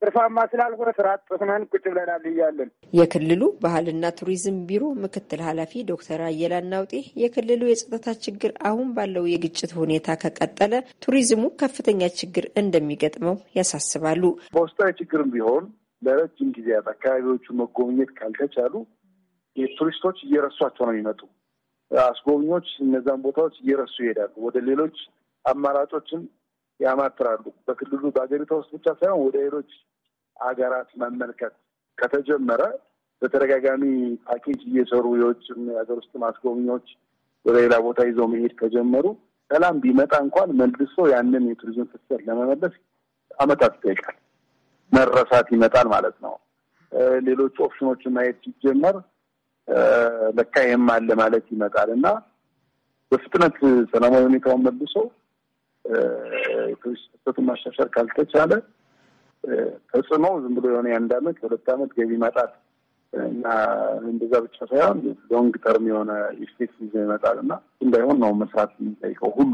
ርፋማ ስላልሆነ ስራ ጥስነን ቁጭ ብለናል እያለን የክልሉ ባህልና ቱሪዝም ቢሮ ምክትል ኃላፊ ዶክተር አየላ ናውጤ የክልሉ የጸጥታ ችግር አሁን ባለው የግጭት ሁኔታ ከቀጠለ ቱሪዝሙ ከፍተኛ ችግር እንደሚገጥመው ያሳስባሉ። በውስጣዊ ችግርም ቢሆን ለረጅም ጊዜያት አካባቢዎቹ መጎብኘት ካልተቻሉ ቱሪስቶች እየረሷቸው ነው የሚመጡ። አስጎብኚዎች እነዛን ቦታዎች እየረሱ ይሄዳሉ። ወደ ሌሎች አማራጮችን ያማትራሉ። በክልሉ በሀገሪቷ ውስጥ ብቻ ሳይሆን ወደ ሌሎች ሀገራት መመልከት ከተጀመረ በተደጋጋሚ ፓኬጅ እየሰሩ የውጭም የሀገር ውስጥ አስጎብኚዎች ወደ ሌላ ቦታ ይዘው መሄድ ከጀመሩ ሰላም ቢመጣ እንኳን መልሶ ያንን የቱሪዝም ፍሰት ለመመለስ አመታት ይጠይቃል። መረሳት ይመጣል ማለት ነው። ሌሎች ኦፕሽኖችን ማየት ሲጀመር ለካ ይህም አለ ማለት ይመጣል እና በፍጥነት ሰላማዊ ሁኔታውን መልሶ ክስተቱን ማሻሻል ካልተቻለ ተጽዕኖ ዝም ብሎ የሆነ የአንድ አመት ሁለት አመት ገቢ ማጣት እና እንደዛ ብቻ ሳይሆን ሎንግ ተርም የሆነ ኢፌክት ይዞ ይመጣል እና እንዳይሆን ነው መስራት የሚጠይቀው ሁሉ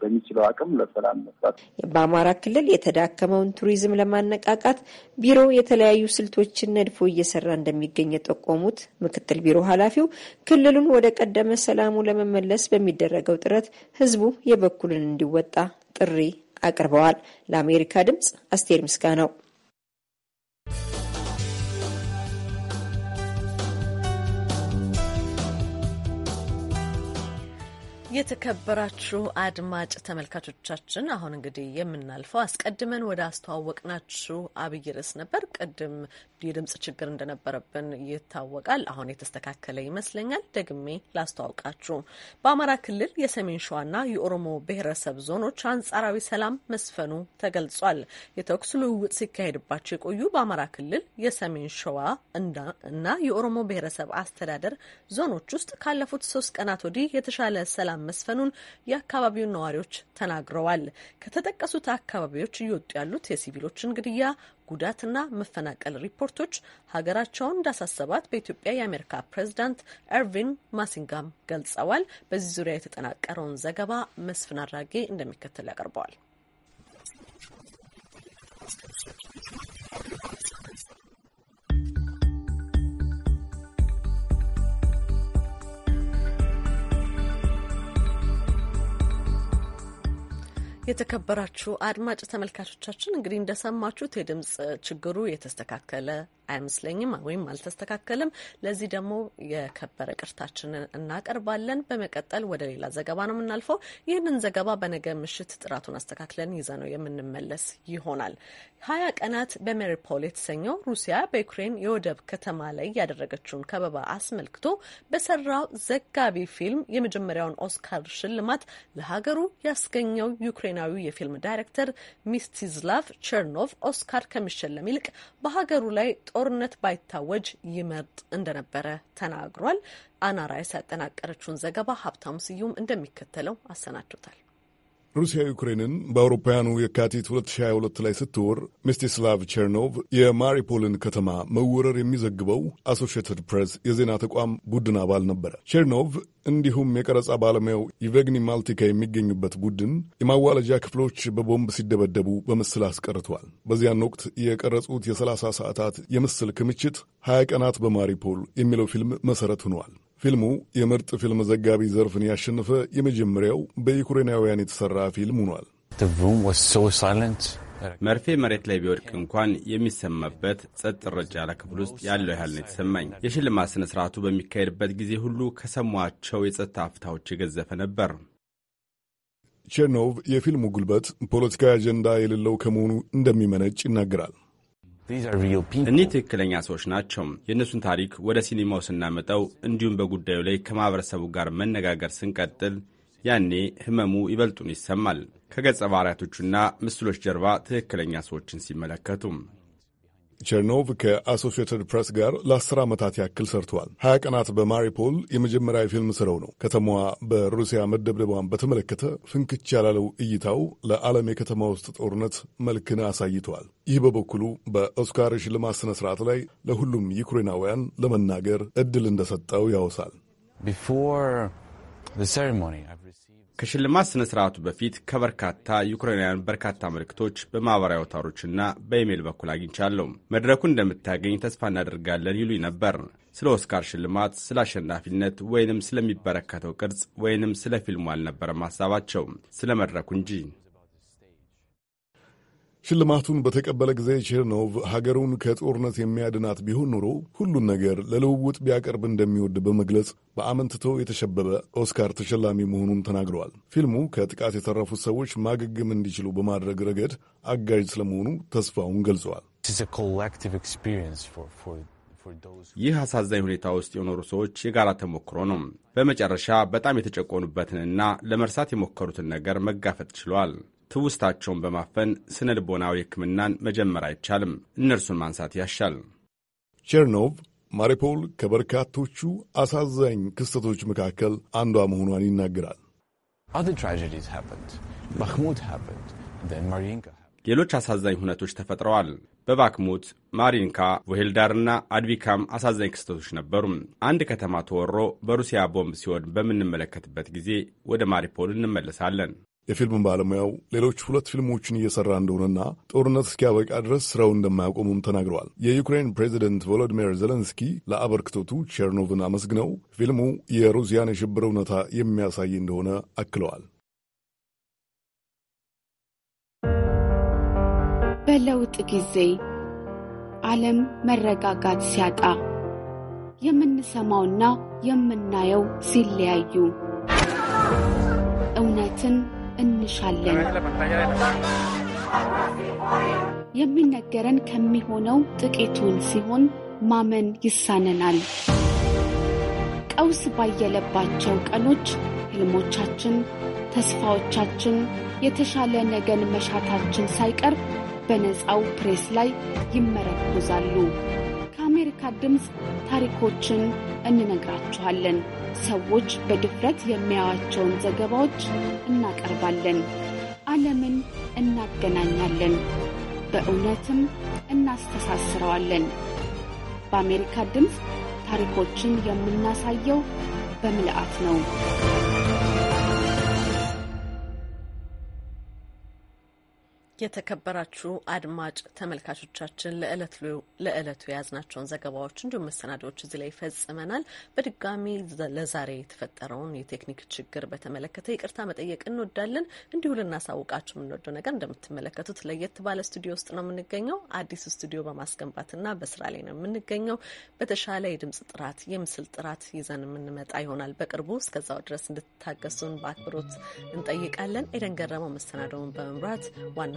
በሚችለው አቅም ለሰላም መስራት። በአማራ ክልል የተዳከመውን ቱሪዝም ለማነቃቃት ቢሮ የተለያዩ ስልቶችን ነድፎ እየሰራ እንደሚገኝ የጠቆሙት ምክትል ቢሮ ኃላፊው ክልሉን ወደ ቀደመ ሰላሙ ለመመለስ በሚደረገው ጥረት ህዝቡ የበኩልን እንዲወጣ ጥሪ አቅርበዋል። ለአሜሪካ ድምጽ አስቴር ምስጋ ነው። የተከበራችሁ አድማጭ ተመልካቾቻችን አሁን እንግዲህ የምናልፈው አስቀድመን ወደ አስተዋወቅናችሁ አብይ ርዕስ ነበር። ቅድም የድምጽ ችግር እንደነበረብን ይታወቃል። አሁን የተስተካከለ ይመስለኛል። ደግሜ ላስተዋውቃችሁ። በአማራ ክልል የሰሜን ሸዋና የኦሮሞ ብሔረሰብ ዞኖች አንጻራዊ ሰላም መስፈኑ ተገልጿል። የተኩስ ልውውጥ ሲካሄድባቸው የቆዩ በአማራ ክልል የሰሜን ሸዋ እና የኦሮሞ ብሔረሰብ አስተዳደር ዞኖች ውስጥ ካለፉት ሶስት ቀናት ወዲህ የተሻለ ሰላም መስፈኑን የአካባቢው ነዋሪዎች ተናግረዋል። ከተጠቀሱት አካባቢዎች እየወጡ ያሉት የሲቪሎችን ግድያ ጉዳትና መፈናቀል ሪፖርቶች ሀገራቸውን እንዳሳሰባት በኢትዮጵያ የአሜሪካ ፕሬዝዳንት ኤርቪን ማሲንጋም ገልጸዋል። በዚህ ዙሪያ የተጠናቀረውን ዘገባ መስፍን አድራጌ እንደሚከተል ያቀርበዋል። የተከበራችሁ አድማጭ ተመልካቾቻችን እንግዲህ እንደሰማችሁት የድምፅ ችግሩ የተስተካከለ አይመስለኝም ወይም አልተስተካከልም። ለዚህ ደግሞ የከበረ ቅርታችንን እናቀርባለን። በመቀጠል ወደ ሌላ ዘገባ ነው የምናልፈው። ይህንን ዘገባ በነገ ምሽት ጥራቱን አስተካክለን ይዘ ነው የምንመለስ ይሆናል። ሀያ ቀናት በሜሪፖል የተሰኘው ሩሲያ በዩክሬን የወደብ ከተማ ላይ ያደረገችውን ከበባ አስመልክቶ በሰራው ዘጋቢ ፊልም የመጀመሪያውን ኦስካር ሽልማት ለሀገሩ ያስገኘው ዩክሬናዊ የፊልም ዳይሬክተር ሚስቲዝላቭ ቸርኖቭ ኦስካር ከሚሸለም ይልቅ በሀገሩ ላይ ጦርነት ባይታወጅ ይመርጥ እንደነበረ ተናግሯል። አናራ ያጠናቀረችውን ዘገባ ሀብታሙ ስዩም እንደሚከተለው አሰናድቶታል። ሩሲያ ዩክሬንን በአውሮፓውያኑ የካቲት 2022 ላይ ስትወር ሚስቲስላቭ ቸርኖቭ የማሪፖልን ከተማ መወረር የሚዘግበው አሶሽትድ ፕሬስ የዜና ተቋም ቡድን አባል ነበረ። ቸርኖቭ እንዲሁም የቀረጻ ባለሙያው ይቨግኒ ማልቲካ የሚገኙበት ቡድን የማዋለጃ ክፍሎች በቦምብ ሲደበደቡ በምስል አስቀርቷል። በዚያን ወቅት የቀረጹት የ30 ሰዓታት የምስል ክምችት 20 ቀናት በማሪፖል የሚለው ፊልም መሠረት ሆኗል። ፊልሙ የምርጥ ፊልም ዘጋቢ ዘርፍን ያሸነፈ የመጀመሪያው በዩክሬናውያን የተሰራ ፊልም ሆኗል። መርፌ መሬት ላይ ቢወድቅ እንኳን የሚሰማበት ጸጥ ረጭ ያለ ክፍል ውስጥ ያለው ያህል ነው የተሰማኝ። የሽልማት ስነ ሥርዓቱ በሚካሄድበት ጊዜ ሁሉ ከሰሟቸው የጸጥታ አፍታዎች የገዘፈ ነበር። ቼርኖቭ የፊልሙ ጉልበት ፖለቲካዊ አጀንዳ የሌለው ከመሆኑ እንደሚመነጭ ይናገራል። እኒህ ትክክለኛ ሰዎች ናቸው። የእነሱን ታሪክ ወደ ሲኒማው ስናመጠው፣ እንዲሁም በጉዳዩ ላይ ከማህበረሰቡ ጋር መነጋገር ስንቀጥል፣ ያኔ ህመሙ ይበልጡን ይሰማል። ከገጸ ባህሪያቶቹና ምስሎች ጀርባ ትክክለኛ ሰዎችን ሲመለከቱ ቸርኖቭ ከአሶሽትድ ፕሬስ ጋር ለአስር ዓመታት ያክል ሰርተዋል። ሀያ ቀናት በማሪፖል የመጀመሪያ የፊልም ስራው ነው። ከተማዋ በሩሲያ መደብደቧን በተመለከተ ፍንክች ያላለው እይታው ለዓለም የከተማ ውስጥ ጦርነት መልክን አሳይተዋል። ይህ በበኩሉ በኦስካር ሽልማት ስነ-ስርዓት ላይ ለሁሉም ዩክሬናውያን ለመናገር ዕድል እንደሰጠው ያወሳል። ከሽልማት ስነ ስርዓቱ በፊት ከበርካታ ዩክሬናውያን በርካታ ምልክቶች በማኅበራዊ አውታሮችና በኢሜይል በኩል አግኝቻለሁ። መድረኩን እንደምታገኝ ተስፋ እናደርጋለን ይሉኝ ነበር። ስለ ኦስካር ሽልማት፣ ስለ አሸናፊነት ወይንም ስለሚበረከተው ቅርጽ ወይንም ስለ ፊልሙ አልነበረም ሀሳባቸው። ስለ መድረኩ እንጂ ሽልማቱን በተቀበለ ጊዜ ቼርኖቭ ሀገሩን ከጦርነት የሚያድናት ቢሆን ኑሮ ሁሉን ነገር ለልውውጥ ቢያቀርብ እንደሚወድ በመግለጽ በአመንትቶ የተሸበበ ኦስካር ተሸላሚ መሆኑን ተናግረዋል። ፊልሙ ከጥቃት የተረፉት ሰዎች ማገገም እንዲችሉ በማድረግ ረገድ አጋዥ ስለመሆኑ ተስፋውን ገልጸዋል። ይህ አሳዛኝ ሁኔታ ውስጥ የኖሩ ሰዎች የጋራ ተሞክሮ ነው። በመጨረሻ በጣም የተጨቆኑበትንና ለመርሳት የሞከሩትን ነገር መጋፈጥ ችሏል። ትውስታቸውን በማፈን ስነ ልቦናዊ ሕክምናን መጀመር አይቻልም። እነርሱን ማንሳት ያሻል። ቸርኖቭ ማሪፖል ከበርካቶቹ አሳዛኝ ክስተቶች መካከል አንዷ መሆኗን ይናገራል። ሌሎች አሳዛኝ ሁነቶች ተፈጥረዋል። በባክሙት፣ ማሪንካ፣ ቮሄልዳርና አድቪካም አሳዛኝ ክስተቶች ነበሩ። አንድ ከተማ ተወሮ በሩሲያ ቦምብ ሲወድ በምንመለከትበት ጊዜ ወደ ማሪፖል እንመለሳለን። የፊልም ባለሙያው ሌሎች ሁለት ፊልሞችን እየሰራ እንደሆነና ጦርነት እስኪያበቃ ድረስ ስራው እንደማያቆሙም ተናግረዋል። የዩክሬን ፕሬዚደንት ቮሎዲሚር ዜሌንስኪ ለአበርክቶቱ ቼርኖቭን አመስግነው ፊልሙ የሩሲያን የሽብር እውነታ የሚያሳይ እንደሆነ አክለዋል። በለውጥ ጊዜ ዓለም መረጋጋት ሲያጣ የምንሰማውና የምናየው ሲለያዩ እውነትን እንሻለን። የሚነገረን ከሚሆነው ጥቂቱን ሲሆን ማመን ይሳነናል። ቀውስ ባየለባቸው ቀኖች ህልሞቻችን፣ ተስፋዎቻችን፣ የተሻለ ነገን መሻታችን ሳይቀር በነፃው ፕሬስ ላይ ይመረኮዛሉ። ከአሜሪካ ድምፅ ታሪኮችን እንነግራችኋለን። ሰዎች በድፍረት የሚያዩዋቸውን ዘገባዎች እናቀርባለን። ዓለምን እናገናኛለን፣ በእውነትም እናስተሳስረዋለን። በአሜሪካ ድምፅ ታሪኮችን የምናሳየው በምልአት ነው። የተከበራችሁ አድማጭ ተመልካቾቻችን ለዕለቱ የያዝናቸውን ዘገባዎች እንዲሁም መሰናዶዎች እዚህ ላይ ይፈጽመናል። በድጋሚ ለዛሬ የተፈጠረውን የቴክኒክ ችግር በተመለከተ ይቅርታ መጠየቅ እንወዳለን። እንዲሁ ልናሳውቃችሁ የምንወደው ነገር እንደምትመለከቱት ለየት ባለ ስቱዲዮ ውስጥ ነው የምንገኘው። አዲስ ስቱዲዮ በማስገንባትና በስራ ላይ ነው የምንገኘው። በተሻለ የድምጽ ጥራት፣ የምስል ጥራት ይዘን የምንመጣ ይሆናል በቅርቡ። እስከዛው ድረስ እንድትታገሱን በአክብሮት እንጠይቃለን። ኤደን ገረመው መሰናዶውን በመምራት ዋና